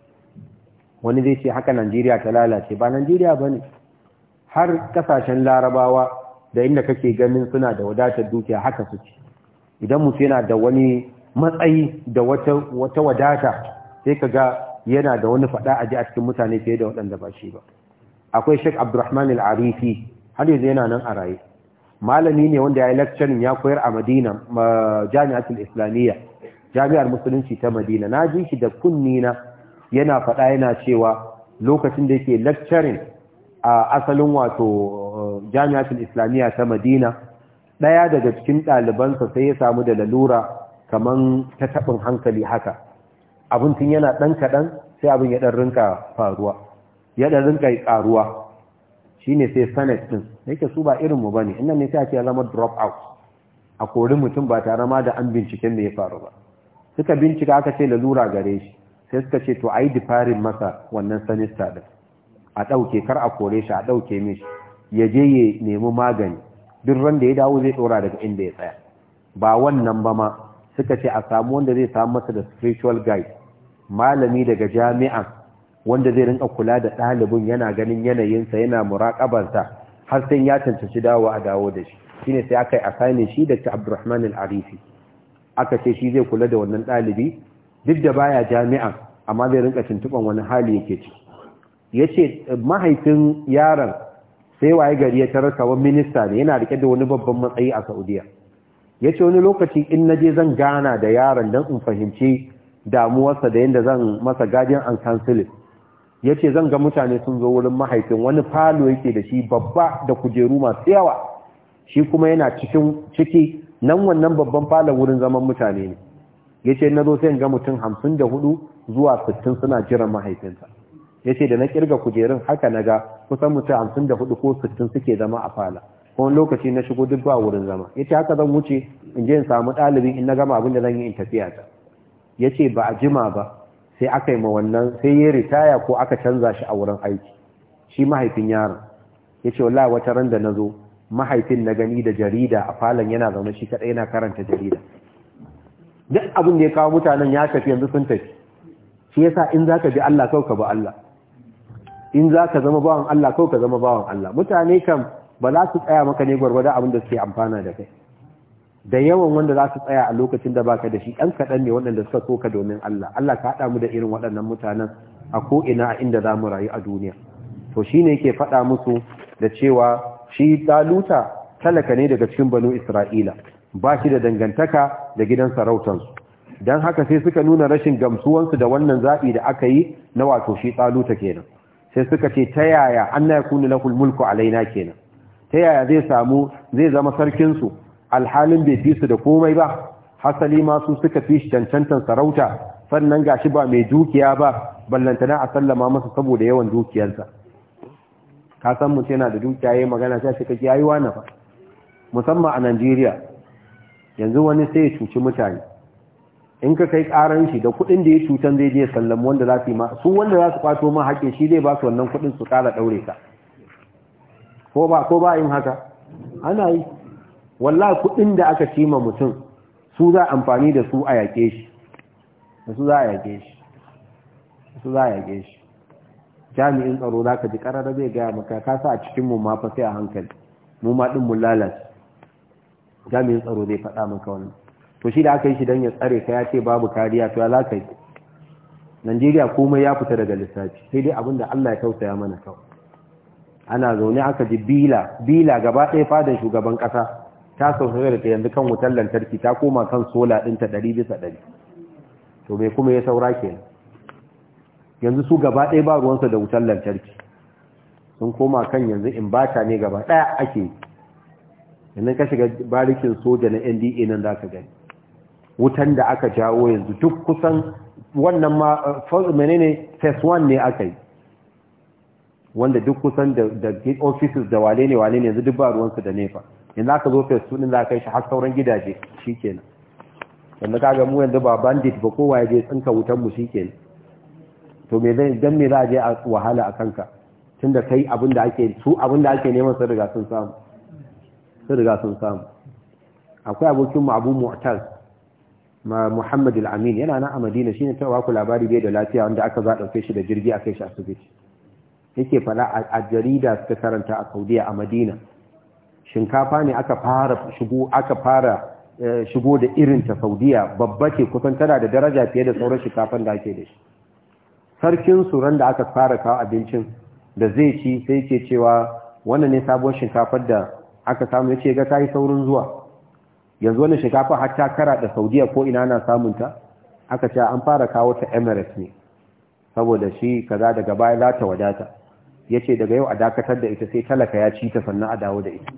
wani zai ce haka Najeriya ta lalace ba Najeriya bane har kasashen larabawa da inda kake ganin suna da wadatar dukiya haka suke idan mutum yana da wani matsayi da wata wadata sai ka ga yana da wani fada a ji a cikin mutane fiye da waɗanda ba shi ba akwai Sheikh abdurrahman al-arifi har yanzu yana nan a raye malami ne wanda ya yi lecturing ya koyar a madina jami'atul islamiyya jami'ar musulunci ta madina na ji shi da kunni na yana faɗa yana cewa lokacin da yake lecturing a asalin wato eh, jami'atul islamiyya ta madina ɗaya daga cikin ɗalibansa sai ya samu da lalura kaman ta tabin hankali haka abin tun yana ɗan kaɗan sai abin ya ɗan rinka faruwa ya ɗan rinka ƙaruwa shine sai senate ɗin yake su ba irin mu bane inda ne sai ake zama drop out a kori mutum ba tare ma da an binciken da ya faru ba suka bincika aka ce lalura gare shi sai suka ce to a yi difarin masa wannan sanista ɗin a ɗauke kar a kore shi a ɗauke mishi ya je ya nemi magani duk randa ya dawo zai ɗora daga inda ya tsaya ba wannan ba ma suka ce a samu wanda zai samu masa da spiritual guide malami daga jami'a wanda zai rinka kula da ɗalibin yana ganin yanayinsa yana muraƙabarsa har sai ya cancanci dawo a dawo da shi shine sai aka yi assigning shi da Abdulrahman al-Arifi aka ce shi zai kula da wannan ɗalibi duk da baya jami'a amma zai rinka tuntuban wani hali yake ciki ya ce mahaifin yaron sai waye gari ya tarar kawai minista ne yana rike da wani babban matsayi a saudiya ya ce wani lokaci in na je zan gana da yaron don in fahimci damuwarsa da yadda zan masa gajin an counseling ya ce zan ga mutane sun zo wurin mahaifin wani falo yake da shi babba da kujeru masu yawa shi kuma yana cikin ciki nan wannan babban falon wurin zaman mutane ne ya ce na zo sai in ga mutum hamsin da hudu zuwa sittin suna jiran mahaifinsa yace da na kirga kujerun haka na ga kusan mutum hamsin da hudu ko sittin suke zama a fala ko lokaci na shigo duk ba wurin zama yace haka zan wuce in je in samu ɗalibin in na gama abin da zan yi in tafiya ta yace ba a jima ba sai aka yi ma wannan sai ya ritaya ko aka canza shi a wurin aiki shi mahaifin yaron yace wallahi wata ran da nazo mahaifin na gani da jarida a falon yana zaune shi kadai yana karanta jarida duk abin da ya kawo mutanen ya tafi yanzu sun tafi shi yasa in zaka bi Allah kawai ka bi Allah in za ka zama bawan Allah ko ka zama bawan Allah mutane kan ba za su tsaya maka ne gwargwada abin da suke amfana da kai da yawan wanda za su tsaya a lokacin da baka da shi ɗan kaɗan ne waɗanda suka so ka domin Allah Allah ka haɗa mu da irin waɗannan mutanen a ko ina a inda za mu rayu a duniya to shi ne yake faɗa musu da cewa shi taluta talaka ne daga cikin banu isra'ila ba shi da dangantaka da gidan sarautansu dan haka sai suka nuna rashin gamsuwansu da wannan zaɓi da aka yi na wato shi taluta kenan sai suka ce ta yaya an na yakunu lahul mulku alaina kenan ta yaya zai samu zai zama sarkinsu, su alhalin bai fi su da komai ba hasali ma su suka fi shi cancantan sarauta sannan gashi ba mai dukiya ba ballantana a sallama masa saboda yawan dukiyarsa ka san mu yana da dukiya yayin magana sai shi kake yayi wani fa musamman a Najeriya yanzu wani sai ya cuci mutane in ka kai karan shi da kuɗin da ya cutan zai je sallam wanda za su yi ma su wanda za su kwato ma haƙe shi zai ba su wannan kuɗin su ƙara ɗaure ka ko ba ko ba yin haka ana yi walla kuɗin da aka ci ma mutum su za amfani da su a yaƙe shi da su za a yaƙe shi su za a yaƙe shi jami'in tsaro za ka ji ƙarara zai gaya maka ka sa a cikin mu ma fa sai a hankali mu ma ɗin mu lalace jami'in tsaro zai faɗa maka wannan to shi da aka yi shi don ya tsare ka ya ce babu kariya to ya za yi najeriya komai ya fita daga lissafi sai dai abin da allah ya tausaya mana kawai ana zaune aka ji bila bila gaba ɗaya fadar shugaban ƙasa ta sausaya da ta yanzu kan wutar lantarki ta koma kan sola ɗinta ɗari bisa ɗari to mai kuma ya saura ke yanzu su gaba ɗaya ba ruwansa da wutar lantarki sun koma kan yanzu in ba ta ne gaba ɗaya ake yanzu ka shiga barikin soja na nda nan za ka gani wutan da aka jawo yanzu duk kusan wannan ma uh, menene phase 1 ne aka yi wanda duk kusan da offices da wale ne wale ne yanzu duk ba ruwansu da nefa yanzu aka zo phase 2 din za ka yi shi har sauran gidaje shikenan wanda kaga mu yanzu ba bandit ba kowa ya je tsinka wutan mu shikenan to me zai dan me za a je a wahala a kanka tunda kai abin da ake su abin da ake neman sun riga sun samu sun riga sun samu akwai abokin mu abu mu'taz Muhammad al-Amin yana nan a Madina shine ta waku labari bai da lafiya wanda aka za dauke shi da jirgi a kai shi asibiti yake fala a jarida suka karanta a Saudiya a Madina shinkafa ne aka fara shigo aka fara eh, shigo da irin ta Saudiya babba ce kusan tana da daraja fiye da sauran shinkafan da ake da shi sarkin suran da aka fara kawo abincin da zai ci sai ce cewa wannan ne sabuwar shinkafar da aka samu ya ce ga ta yi saurin zuwa yanzu wannan shinkafa har ta kara da saudiya ko ina na samunta aka ce an fara kawo ta emirates ne saboda shi kaza daga baya za ta wadata ya ce daga yau a dakatar da ita sai talaka ya ci ta sannan a dawo da ita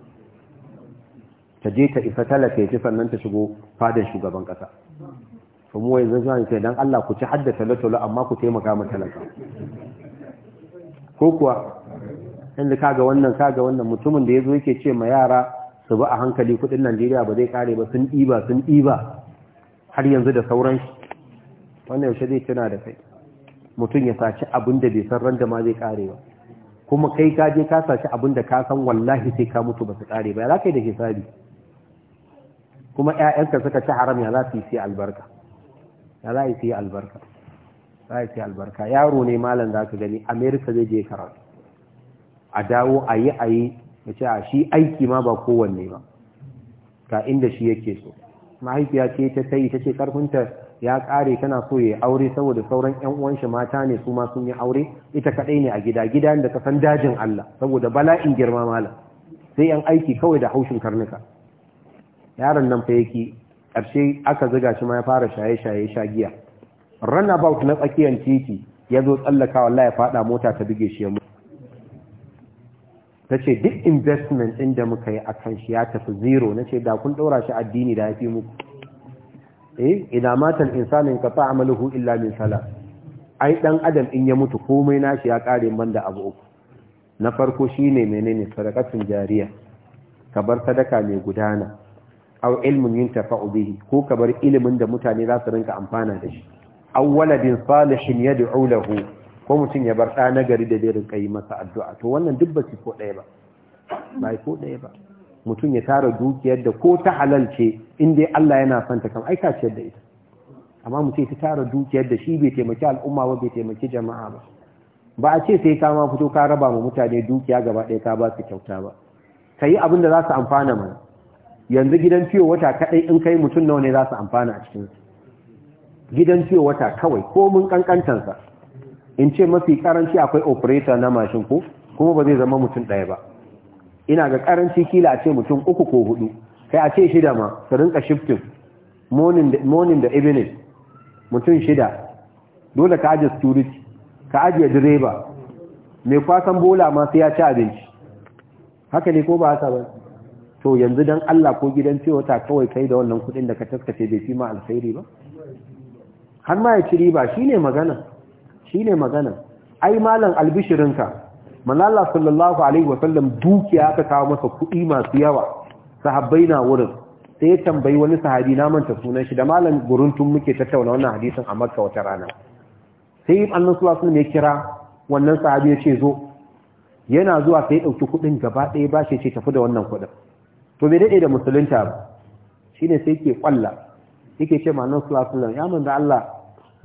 ta je ta isa talaka ya ci sannan ta shigo fadar shugaban kasa kuma yanzu zuwa ce don allah ku ci haddasa talotalo amma ku taimaka ma talaka ko kuwa inda kaga wannan kaga wannan mutumin da ya zo yake ce ma yara su ba a hankali kudin Najeriya ba zai kare ba sun ɗiba sun ɗiba har yanzu da sauran shi wannan yaushe zai tuna da kai mutum ya saci abin da bai san randa ma zai kare ba kuma kai ka je ka saci abin da ka san wallahi sai ka mutu ba su kare ba ya za ka yi da hisabi kuma ƴaƴanka suka ci haram ya za su yi sai albarka ya za su yi albarka za su yi albarka yaro ne malam za ka gani amerika zai je karatu a dawo a yi a yi ya ce a shi aiki ma ba kowanne ba ga inda shi yake so mahaifiya ce ta tayi ta ce karfinta ya kare tana so ya yi aure saboda sauran yan uwan shi mata ne su ma sun yi aure ita kadai ne a gida gida da ka san dajin Allah saboda bala'in girma malam sai yan aiki kawai da haushin karnuka yaron nan fa yake ƙarshe aka ziga shi ma ya fara shaye-shaye shagiya about na tsakiyar titi ya zo tsallaka wallahi ya fada mota ta buge shi ya mutu ta ce duk investment ɗin da muka yi a kan shi ya tafi zero na ce da kun ɗora shi addini da ya fi muku eh ina matan insanin ka fa amaluhu illa min sala ai dan adam in ya mutu komai nashi ya kare man da abu uku na farko shine menene sadaqatun jariya ka bar sadaka mai gudana aw ilmun tafau bihi ko ka bar ilimin da mutane za su rinka amfana da shi aw waladin salihin yad'u lahu ko mutum ya bar ɗa gari da zai rinka yi masa addu'a to wannan duk ba ko ɗaya ba ba ko ɗaya ba mutum ya tara dukiyar da ko ta halalce ce inda Allah yana son ta kam ai da ita amma mutum ya tara dukiyar da shi bai taimaki al'umma ba bai taimaki jama'a ba ba a ce sai ka ma fito ka raba ma mutane dukiya gaba ɗaya ka ba su kyauta ba ka yi abin da za su amfana mana yanzu gidan fiyo wata kaɗai in kai mutum nawa ne za su amfana a cikinsu gidan fiyo wata kawai ko mun ƙanƙantansa in ce mafi karanci akwai operator na mashin ko kuma ba zai zama mutum ɗaya ba ina ga karanci kila a ce mutum uku ko hudu kai a ce shida ma su rinka shifting morning da evening mutum shida dole ka ajiye security ka ajiye direba mai kwasan bola ma sai ya ci abinci haka ne ko ba haka ba to yanzu dan Allah ko gidan ce wata kawai kai da wannan kudin da ka taskace bai fi ma alkhairi ba har ma ya ci riba ne magana Shi ne magana ai malam albishirinka manalla sallallahu alaihi wasallam dukiya aka kawo masa kuɗi masu yawa sahabbai na wurin sai ya tambayi wani sahabi na manta sunan shi da malam guruntun muke tattauna wannan hadisin a makka wata rana sai annabi sallallahu alaihi ya kira wannan sahabi ya ce zo yana zuwa sai ya dauki kuɗin gaba ɗaya ba shi ce tafi da wannan kuɗin to me daɗe da musulunta ba shine sai yake kwalla yake ce ma annabi sallallahu alaihi ya manzo Allah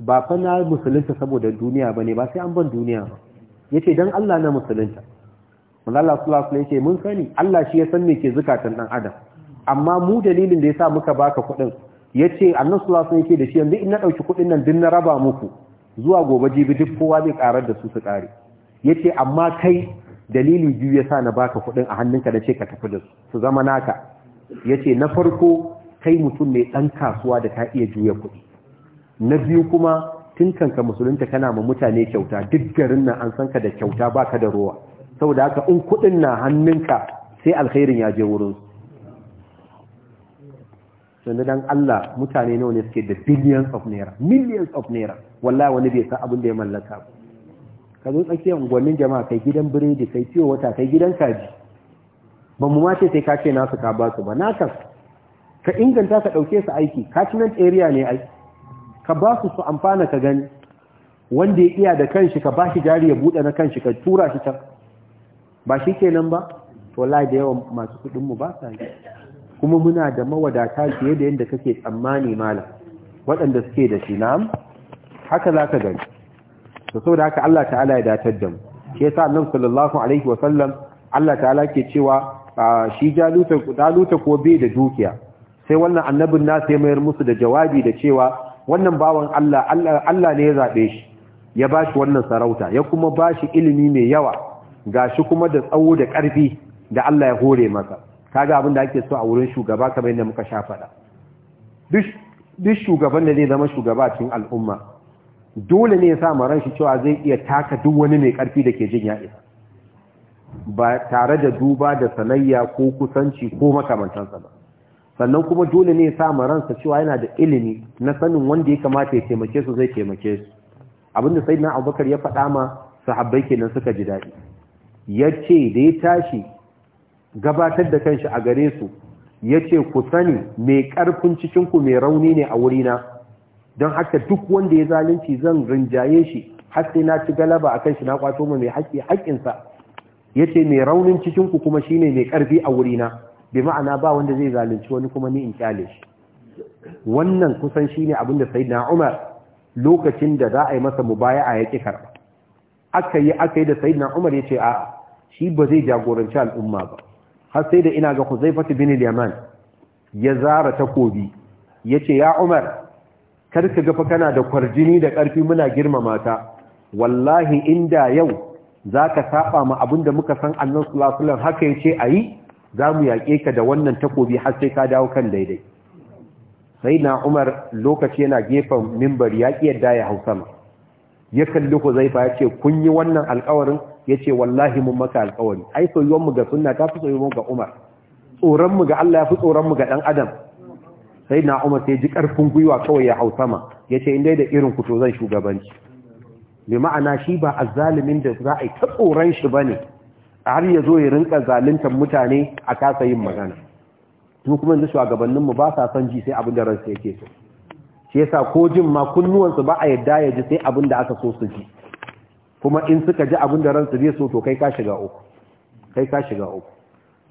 ba fa na musulunta saboda duniya ba ne ba sai an ban duniya ba Yace ce don Allah na musulunta malala sulasu ya ce mun sani Allah shi ya san me ke zukatan dan adam amma mu dalilin da ya sa muka baka kuɗin Yace ce annan sulasu ya ce da shi yanzu in na ɗauki kuɗin nan din na raba muku zuwa gobe jibi duk kowa zai karar da su su ƙare Yace amma kai dalili biyu ya sa na baka kuɗin a hannunka da ce ka tafi da su su zama naka Yace na farko kai mutum mai ɗan kasuwa da ka iya juya kuɗi na biyu kuma tun musulunta kana ma mutane kyauta duk garin nan an san ka da kyauta baka da ruwa saboda haka in kudin na hannunka sai alkhairin ya je wurin sanda dan Allah mutane nawa ne suke da billions of naira millions of naira wallahi wani bai san abin da ya mallaka ba ka zo tsakiyar unguwannin jama'a kai gidan biredi kai ciwo wata kai gidan kaji ba mu mace sai ka ce nasu ka ba su ba naka ka inganta ka ɗauke su aiki catchment area ne aiki ka ba su su amfana ka gani wanda ya iya da kanshi ka ba shi jari ya buɗe na kanshi ka tura shi can ba shi ke nan ba to lai da yawan masu kudinmu ba sa yi kuma muna da mawadata fiye da yadda kake tsammani malam waɗanda suke da shi na'am haka za ka gani da da haka Allah ta'ala ya datar da mu shi yasa annabi sallallahu alaihi wa sallam Allah ta'ala ke cewa ah, shi jaluta daluta ko bai da dukiya sai wannan annabin na sai mayar musu da jawabi da cewa wannan bawan Allah Allah ne ya zaɓe shi ya bashi wannan sarauta ya kuma bashi ilimi mai yawa ga shi kuma da tsawo da ƙarfi da Allah ya hore masa kaga abin da ake so a wurin shugaba kamar yadda muka sha faɗa duk shugaban da zai zama shugaba cikin al'umma dole ne ya sa maran shi cewa zai iya taka duk wani mai ƙarfi da ke jin ya ba tare da duba da sanayya ko kusanci ko makamantansa ba sannan kuma dole ne ya sa ma ransa cewa yana da ilimi na sanin wanda ya kamata ya taimake su zai taimake su abinda sai na abubakar ya faɗa ma sahabbai kenan suka ji daɗi ya ce da ya tashi gabatar da kanshi a gare su ya ce ku sani mai ƙarfin cikinku mai rauni ne a wurina don haka duk wanda ya zalunci zan rinjaye shi har sai na ci galaba a kanshi na kwato mai haƙƙi haƙƙinsa ya ce mai raunin cikinku kuma shine mai ƙarfi a wurina bi ma'ana ba wanda zai zalunci wani kuma ni in kyale shi wannan kusan shine abin da sayyidina Umar lokacin da za a yi masa mubaya'a ya a karba aka yi aka yi da sayyidina Umar yace a shi ba zai jagoranci al'umma ba har sai da ina ga Huzaifatu bin al-Yaman ya zara takobi yace ya Umar kar ka ga fa kana da kwarjini da karfi muna girmama ta wallahi inda yau zaka saba ma abinda muka san annabi sallallahu alaihi wasallam haka yace ayi za mu yaƙe ka da wannan takobi har sai ka dawo kan daidai sai na umar lokaci yana gefen mimbar ya ƙi yadda ya hau sama ya kalli ku zai ya ce kun yi wannan alkawarin ya ce wallahi mun maka alkawari ai soyuwanmu ga sunna ta fi soyuwanmu ga umar tsoronmu ga allah ya fi tsoronmu ga ɗan adam sai na umar sai ji ƙarfin gwiwa kawai ya hau sama ya ce in dai da irin ku to zan shugabanci bi ma'ana shi ba azzalimin da za a yi ta tsoron shi ba ne har ya zo ya rinka zaluntar mutane a kasa yin magana Tun kuma yanzu shugabanninmu ba sa son ji sai abin da ransu yake so shi yasa ko jin ma kunnuwansu ba a yadda ya ji sai abin da aka so su ji kuma in suka ji abin da ransu zai so to kai ka shiga uku kai ka shiga uku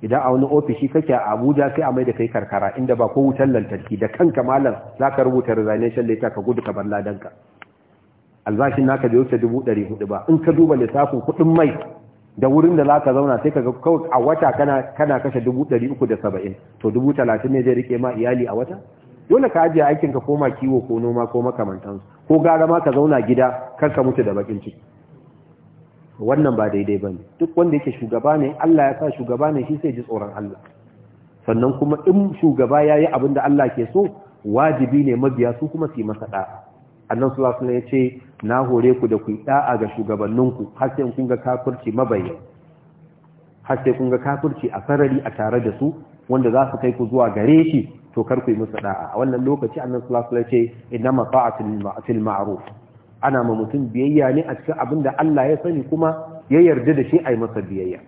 idan a wani ofishi kake a Abuja sai a mai da kai karkara inda ba ko wutar lantarki da kanka malam za ka rubuta resignation letter ka gudu ka bar ladanka albashin naka dubu ɗari hudu ba in ka duba lissafin kuɗin mai da wurin da za ka zauna sai kaga kawai a wata kana kana kashe 370 to 30 ne zai rike ma iyali a wata dole ka ajiye aikin ka koma kiwo ko noma ko makamantansu ko gara ma ka zauna gida kar ka mutu da bakin ciki wannan ba daidai bane duk wanda yake shugaba ne Allah ya sa shugaba ne shi sai ji tsoron Allah sannan kuma in shugaba yayi abin da Allah ke so wajibi ne mabiya su kuma su yi masa ɗa'a. annan sulasun ya ce na hore ku da ku da'a ga shugabanninku har sai kun ga kafirci mabayin har sai kun ga kafirci a sarari a tare da su wanda za su kai ku zuwa gare shi to kar ku yi musu da'a a wannan lokaci annan sulasun ya ce inna mata'atul ma'ruf ana ma mutum biyayya ne a cikin abin da Allah ya sani kuma ya yarda da shi a yi masa biyayya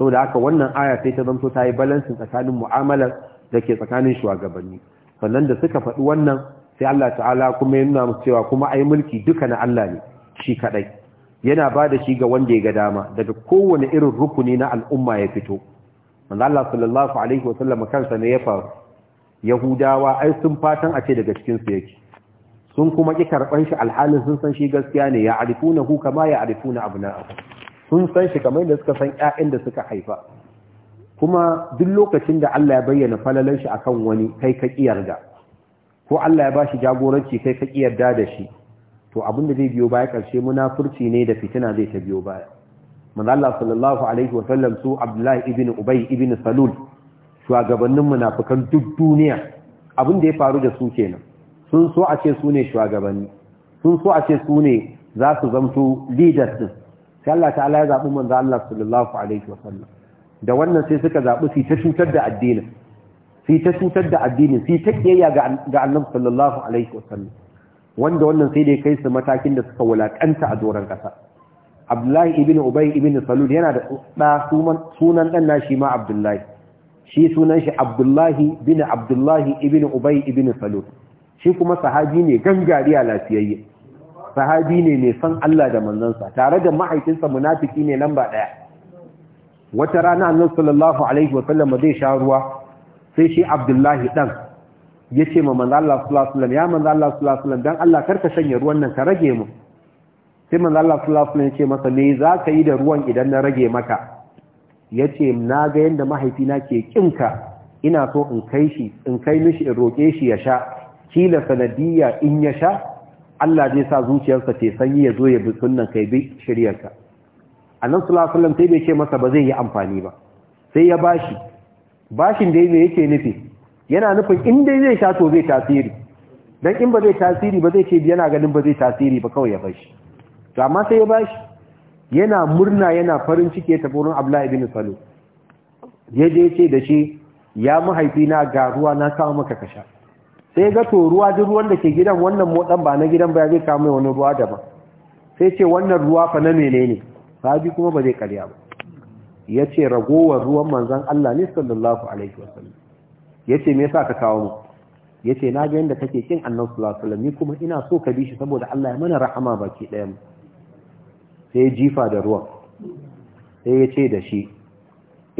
saboda haka wannan aya sai ta zanto ta yi balancin tsakanin mu'amalar da ke tsakanin shugabanni sannan da suka faɗi wannan sai Allah ta'ala kuma ya nuna musu cewa kuma ai mulki duka na Allah ne shi kaɗai. yana ba da shi ga wanda ya ga dama daga kowane irin rukuni na al'umma ya fito manzo Allah sallallahu alaihi wasallam kansa ne ya faru yahudawa ai sun fatan a ce daga cikin su yake sun kuma ki karban shi alhalin sun san shi gaskiya ne ya hu kama ya arifuna abna'ahu sun san shi kamar da suka san ƴaƴan da suka haifa kuma duk lokacin da Allah ya bayyana falalan shi akan wani kai ka yarda. ko Allah ya bashi jagoranci kai ka yarda da shi to abin da zai biyo baya karshe munafurci ne da fitina zai ta biyo baya manzo Allah sallallahu alaihi wa sallam su Abdullahi ibn Ubay ibn Salul shugabannin munafikan duk duniya abin da ya faru da su kenan sun so a ce su ne shugabanni sun so a ce su ne za su zamto leaders din sai Allah ta'ala ya zabi manzo Allah sallallahu alaihi wa sallam da wannan sai suka zabi su ta cutar da addinin Sita ta cutar da addinin sai ta kiyayya ga annabi sallallahu alaihi wasallam wanda wannan sai dai kai su matakin da suka wulakanta a doron kasa Abdullahi ibn Ubay ibn Salul yana da da sunan dan nashi ma Abdullahi shi sunan shi Abdullahi bin Abdullahi ibn Ubay ibn Salul shi kuma sahabi ne gangariya lafiyayye sahabi ne mai san Allah da manzansa tare da mahaifinsa munafiki ne lamba daya wata rana annabi sallallahu alaihi wasallam zai sha ruwa sai shi abdullahi ɗan ya ce ma manzan Allah su alaihi ya manzan Allah su alaihi don Allah karka shanye ruwan nan ka rage mu sai manzan Allah su ya ce masa ne za ka yi da ruwan idan na rage maka ya ce na ga yadda mahaifina ke ƙinka ina so in kai shi in kai mishi in roƙe shi ya sha kila sanadiyya in ya sha Allah zai sa zuciyarsa ce sanyi ya zo ya bi sunan kai bi shiryarka annabi sallallahu alaihi wasallam sai bai ce masa ba zai yi amfani ba sai ya bashi bashin dai me yake nufi yana nufin in dai zai sha to zai tasiri dan in ba zai tasiri ba zai ce yana ganin ba zai tasiri ba kawai ya bashi to amma sai ya bashi yana murna yana farin ciki ya tafi wurin Abdullah ibn Salo. ya je ce da shi ya mahaifi na ga ruwa na kawo maka kasha sai ga to ruwa duk ruwan da ke gidan wannan motsan ba na gidan ba zai kawo mai wani ruwa daban sai ce wannan ruwa fa na menene sahabi kuma ba zai karya ba ya ce ragowar ruwan manzan Allah ne sallallahu alaihi wasallam ya ce me yasa ka kawo mu ya ce na ga da kake kin annan sallallahu alaihi ni kuma ina so ka bi shi saboda Allah ya mana rahama baki ɗaya mu sai ya jifa da ruwan sai ya ce da shi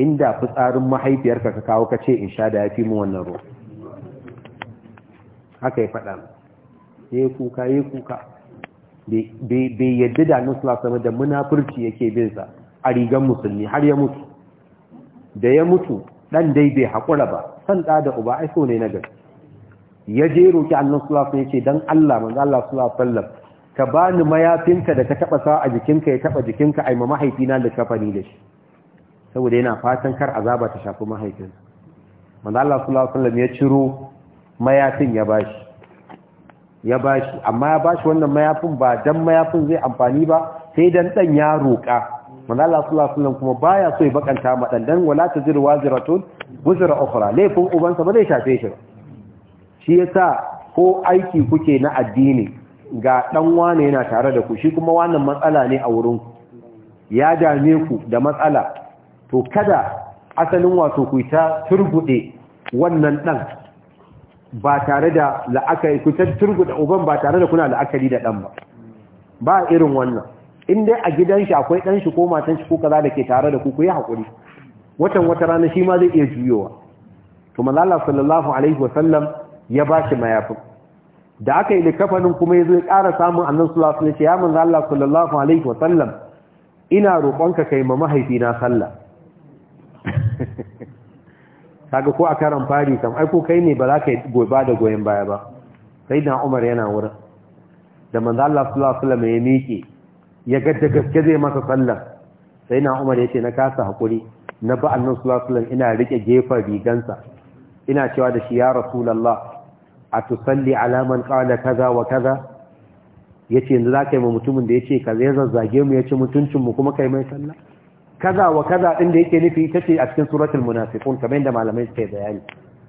inda fitsarin mahaifiyarka ka kawo ka ce in sha da ya fi mu wannan ruwan haka ya faɗa ya kuka ya kuka bai yadda da annan sallallahu da munafurci yake bin sa a rigar musulmi har ya mutu da ya mutu dan dai bai haƙura ba san ɗa da uba ai ne na gari ya je roki annan sulafin ya ce don Allah manzo Allah sulafin ka bani ni mayafinka da ka taɓa sa a jikinka ya taɓa jikinka a yi ma mahaifina da kafani da shi saboda yana fatan kar azaba ta shafi mahaifin manzo Allah sulafin ya ciro mayafin ya bashi ya bashi amma ya bashi wannan mayafin ba dan mayafin zai amfani ba sai dan dan ya roƙa manzo Allah sallallahu Kuma ba kuma baya so ya bakanta maɗandan, wala ta wala taziru waziratun wuzra laifin ubansa ba zai shafe shi ba shi yasa ko aiki kuke na addini ga ɗanwa ne yana tare da ku shi kuma wannan matsala ne a wurin ku ya dame ku da matsala to kada asalin wato ku ta turgude wannan ɗan, ba tare da la'akari ku ta turgude uban ba tare da kuna la'akari da ɗan ba ba irin wannan in dai a gidan shi akwai dan shi ko matan shi ko kaza da ke tare da ku ku yi hakuri watan wata rana shi ma zai iya juyowa to manzo Allah sallallahu alaihi wasallam ya bashi mayafin da aka yi kafanin kuma ya zo ya ƙara samun annan sulasu ne ce ya manzo Allah sallallahu alaihi wa sallam ina roƙonka kai ma mahaifina sallah kaga ko a karan fari kam ai ko kai ne ba za ka goba da goyen baya ba sai da Umar yana wurin da manzo Allah sallallahu alaihi wa sallam ya miƙe ya ga da gaske zai masa sallar sai na umar ya ce na kasa haƙuri na ba annan sulasulan ina riƙe gefen rigansa ina cewa da shi ya rasulallah a tusalli alaman ƙala kaza wa kaza ya ce yanzu za ka yi ma mutumin da ya ce ka zai zazzage mu ya ce mutuncinmu kuma kai mai sallah kaza wa kaza ɗin da yake nufi ita ce a cikin suratul munafiqun kamar yadda malamai suka yi bayani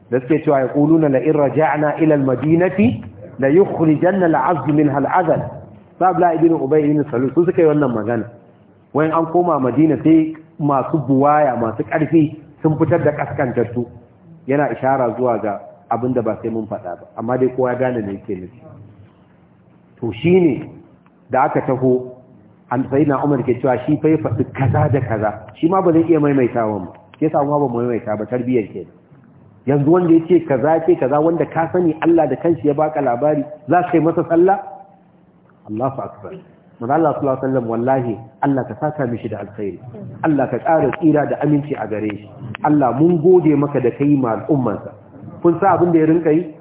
da suke cewa yaquluna la in raja'na ila al-madinati la yukhrijanna al-'azmu minha al sabla ibn ubay ibn salul su suka yi wannan magana wayan an koma madina sai masu buwaya masu karfi sun fitar da kaskantattu yana ishara zuwa ga abin da ba sai mun faɗa ba amma dai kowa gane ne yake nufi to shine da aka taho an sayyidina umar ke cewa shi fa ya faɗi kaza da kaza shi ma ba zai iya maimaitawa ba ke ba maimaita ba tarbiyyar ke yanzu wanda ya ce kaza ce kaza wanda ka sani Allah da kanshi ya baka labari za ka yi masa sallah Allahu akbar manzo Allah sallallahu alaihi wasallam wallahi Allah ka saka mishi da alkhairi Allah ka ƙara tsira da aminci a gare shi Allah mun gode maka da kai ma al'ummarsa kun sa abin da ya rinka yi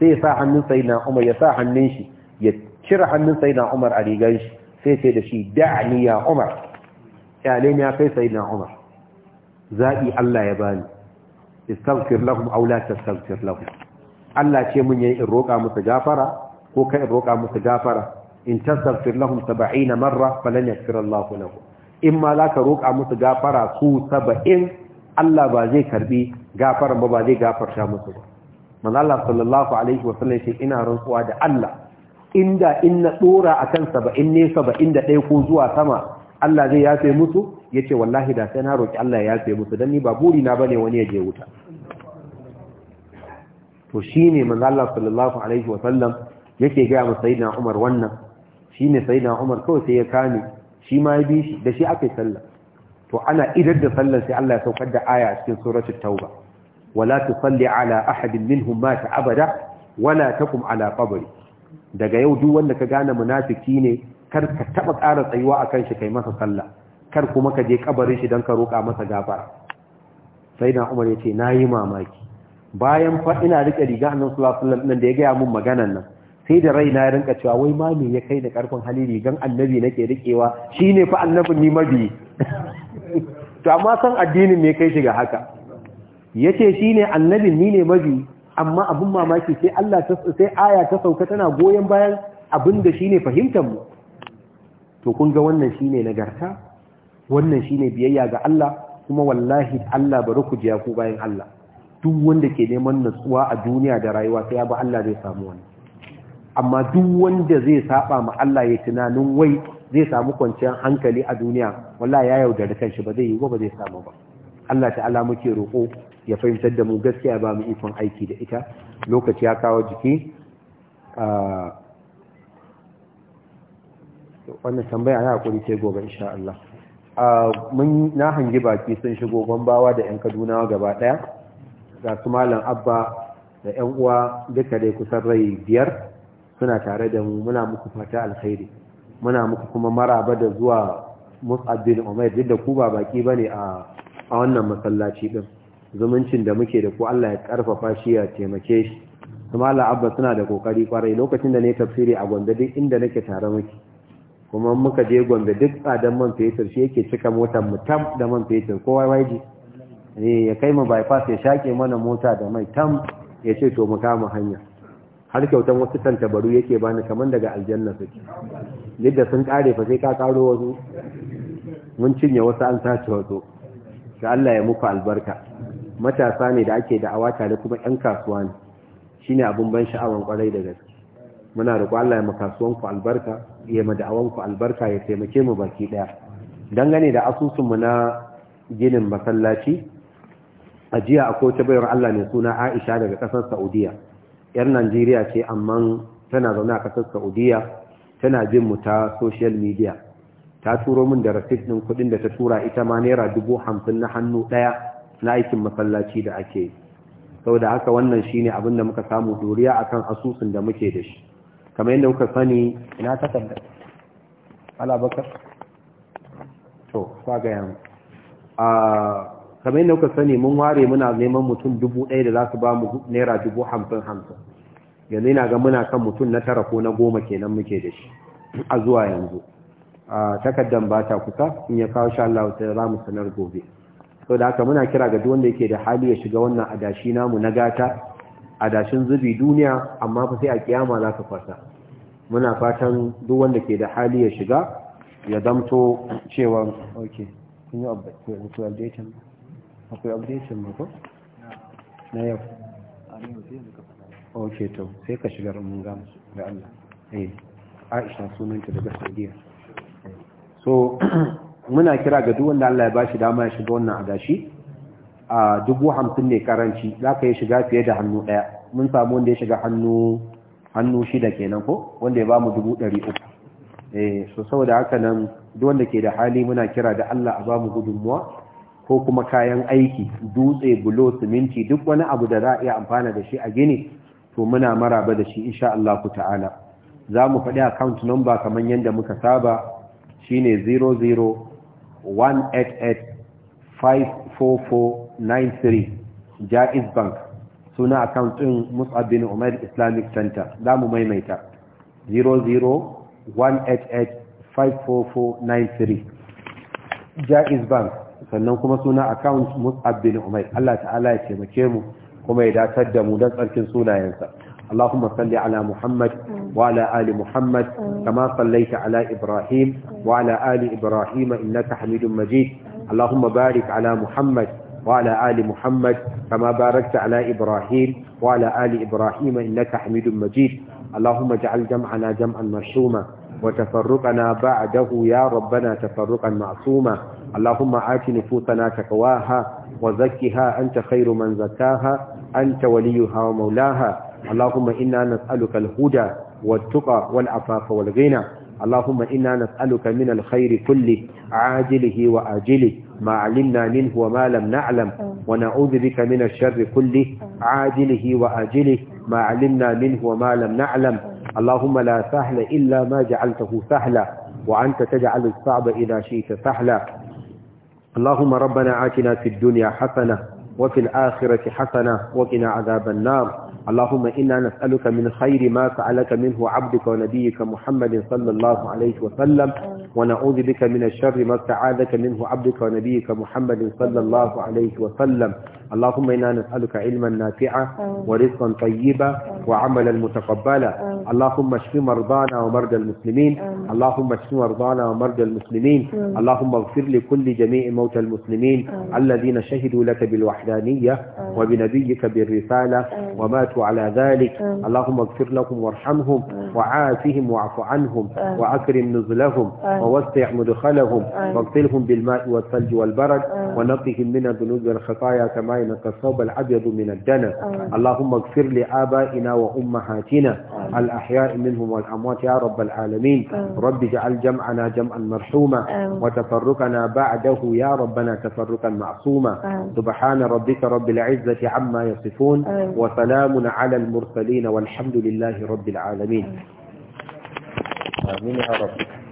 sai ya sa hannun sayyidina Umar ya sa hannun shi ya cire hannun sayyidina Umar a rigar shi sai sai da shi da'ani ya Umar kyale ne ya kai sayyidina Umar zabi Allah ya bani Allah ce mun yayi in roƙa musu gafara ko kai in roƙa musu gafara in tastaghfir lahum 70 marra falan yaghfir Allah lahum in ma zaka roƙa musu gafara su 70 Allah ba zai karbi gafaran ba ba zai gafarta musu ba manzo Allah sallallahu alaihi wasallam yace ina rantsuwa da Allah inda in na dora akan 70 ne 71 ko zuwa sama Allah zai yafe musu yace wallahi da sai na roki Allah ya yafe musu dan ni ba buri na bane wani ya je wuta to shine manzo Allah sallallahu alaihi wasallam yake ga mu sayyidina Umar wannan shine sayyidina Umar kawai sai ya kame shi ma ya bi shi da shi aka yi sallah to ana idar da sallar sai Allah ya saukar da aya a cikin suratun tauba wala tusalli ala ahadin minhum ta abada wala takum ala daga yau duk wanda ka gane munafiki ne kar ka taba ƙara tsayuwa akan shi kai masa sallah kar kuma ka je kabarin shi don ka roka masa gafara sayyidina Umar na nayi mamaki bayan fa ina rike riga hannun sallallahu nan da ya gaya mun maganan nan sai da raina ya rinka cewa wai ma me ya kai da karfin hali rigan annabi nake rikewa shine fa annabin ni mabi to amma san addinin me kai ga haka yace shine annabin ni ne mabi amma abun mamaki sai Allah ta sai aya ta sauka tana goyen bayan abin da shine fahimtar mu to kun ga wannan shine nagarta wannan shine biyayya ga Allah kuma wallahi Allah bari ku ji ku bayan Allah duk wanda ke neman natsuwa a duniya da rayuwa sai ya ba Allah zai samu wannan amma duk wanda zai saba ma Allah ya tunanin wai zai samu kwanciyar hankali a duniya wallahi ya yaudari kanshi ba zai yi ba zai samu ba Allah ta'ala muke roko ya fahimtar da mu gaskiya ba mu ikon aiki da ita lokaci ya kawo jiki wannan tambaya ya hakuri sai gobe insha Allah mun na hangi baki sun shigo gombawa da yan Kaduna gaba daya ga su malam Abba da yan uwa duka dai kusan rai biyar suna tare da mu muna muku fata alkhairi muna muku kuma maraba da zuwa Mus'ab bin Umair duk da ku ba baki ba ne a wannan masallaci ɗin. zumuncin da muke da ku Allah ya karfafa shi ya taimake shi kuma Allah abba suna da kokari kwarai lokacin da ne tafsiri a Gombe duk inda nake tare muke kuma muka je Gombe duk tsadan man fetur shi yake cika motar mu tam da man fetur kowa waje ne eh, ya kai mu bypass ya shake mana mota da mai tam ya ce to mu kama hanya har kyautan wasu tantabaru yake bani kamar daga aljanna suke yadda sun kare fa sai ka karo wasu mun cinye wasu an sace wasu ga Allah ya muku albarka matasa ne da ake da da'awa tare kuma yan kasuwa ne shine abun ban sha'awan kwarai da gaske muna roƙo Allah ya makasuwan ku albarka ya mada'awan ku albarka ya taimake mu baki daya dangane da asusun mu na ginin masallaci a jiya akwai ta bayar Allah ne suna Aisha daga ƙasar Saudiya 'yar najeriya ce amma tana zaune a ƙasar saudiya tana jin mu ta social media ta turo min da rasit ɗin kuɗin da ta tura ita ma naira dubu hamsin na hannu ɗaya na aikin masallaci da ake saboda haka wannan shine abin da muka samu duriya akan asusun da muke da shi kamar yadda kuka sani ina takarda Allah bakar to ga ah kamar yadda kuka sani mun ware muna neman mutum dubu ɗaya da za su ba mu naira dubu hamsin hamsin yanzu yana ga muna kan mutum na tara ko na goma kenan muke da shi a zuwa yanzu a takaddan ba ta kusa in ya kawo sha Allah ta ramu sanar gobe sau da haka muna kira ga duk wanda yake da hali ya shiga wannan adashi namu na gata adashin zubi duniya amma fa sai a kiyama za ka fasa muna fatan duk wanda ke da hali ya shiga ya zamto cewa okay kun yi akwai updating mako na yau ok to sai ka shigar mun gama da Allah eh, Aisha sunanta daga Saudiya so muna kira ga duk wanda Allah ya bashi dama ya shiga wannan adashi a dubu hamsin ne karanci za ka yi shiga fiye da hannu ɗaya mun samu wanda ya shiga hannu shida kenan ko wanda ya ba mu dubu ɗari uku eh so saboda haka nan duk wanda ke da hali muna kira da Allah a ba mu gudunmuwa ko kuma kayan aiki dutse bulo siminti duk wani abu da za a iya amfana da shi a gini to muna maraba da shi insha Allah ku ta'ala za mu faɗi account number kamar yadda muka saba shi ne-0 shine 54493 Jaiz Bank suna account ɗin Mus'ab bin Umar Islamic Center za mu maimaita 001885443 Jaiz Bank sannan kuma suna account mus'ab bin umair Allah ta'ala ya taimake mu kuma ya datar da mu don tsarkin sunayensa اللهم صل على محمد وعلى آل محمد كما صليت على إبراهيم وعلى آل إبراهيم إنك حميد مجيد اللهم بارك على محمد وعلى آل محمد كما باركت على إبراهيم وعلى آل إبراهيم إنك حميد مجيد اللهم اجعل جمعنا جمعا مرحوما وتفرقنا بعده يا ربنا تفرقا معصوما اللهم آت نفوسنا تقواها وزكها أنت خير من زكاها أنت وليها ومولاها اللهم إنا نسألك الهدى والتقى والعفاف والغنى اللهم إنا نسألك من الخير كله عاجله وآجله ما علمنا منه وما لم نعلم ونعوذ بك من الشر كله عاجله وآجله ما علمنا منه وما لم نعلم اللهم لا سهل إلا ما جعلته سهلا وأنت تجعل الصعب إذا شئت سهلا اللهم ربنا آتنا في الدنيا حسنة وفي الآخرة حسنة وقنا عذاب النار اللهم إنا نسألك من خير ما سألك منه عبدك ونبيك محمد صلى الله عليه وسلم ونعوذ بك من الشر ما استعاذك منه عبدك ونبيك محمد صلى الله عليه وسلم اللهم إنا نسألك علما نافعا ورزقا طيبا وعملا متقبلا اللهم اشف مرضانا ومرضى المسلمين اللهم اشف مرضانا ومرضى المسلمين اللهم اغفر لكل جميع موتى المسلمين الذين شهدوا لك بالوحدانية وبنبيك بالرسالة وماتوا على ذلك اللهم اغفر لهم وارحمهم وعافهم واعف عنهم وأكرم نزلهم ووسع مدخلهم واغسلهم بالماء والثلج والبرد ونقهم من الذنوب والخطايا كما ينقى الثوب الأبيض من الدنس اللهم اغفر لآبائنا وأمهاتنا الأحياء منهم والأموات يا رب العالمين رب اجعل جمعنا جمعا مرحوما وتفرقنا بعده يا ربنا تفرقا معصوما سبحان ربك رب العزة عما يصفون وسلام على المرسلين والحمد لله رب العالمين آمين يا رب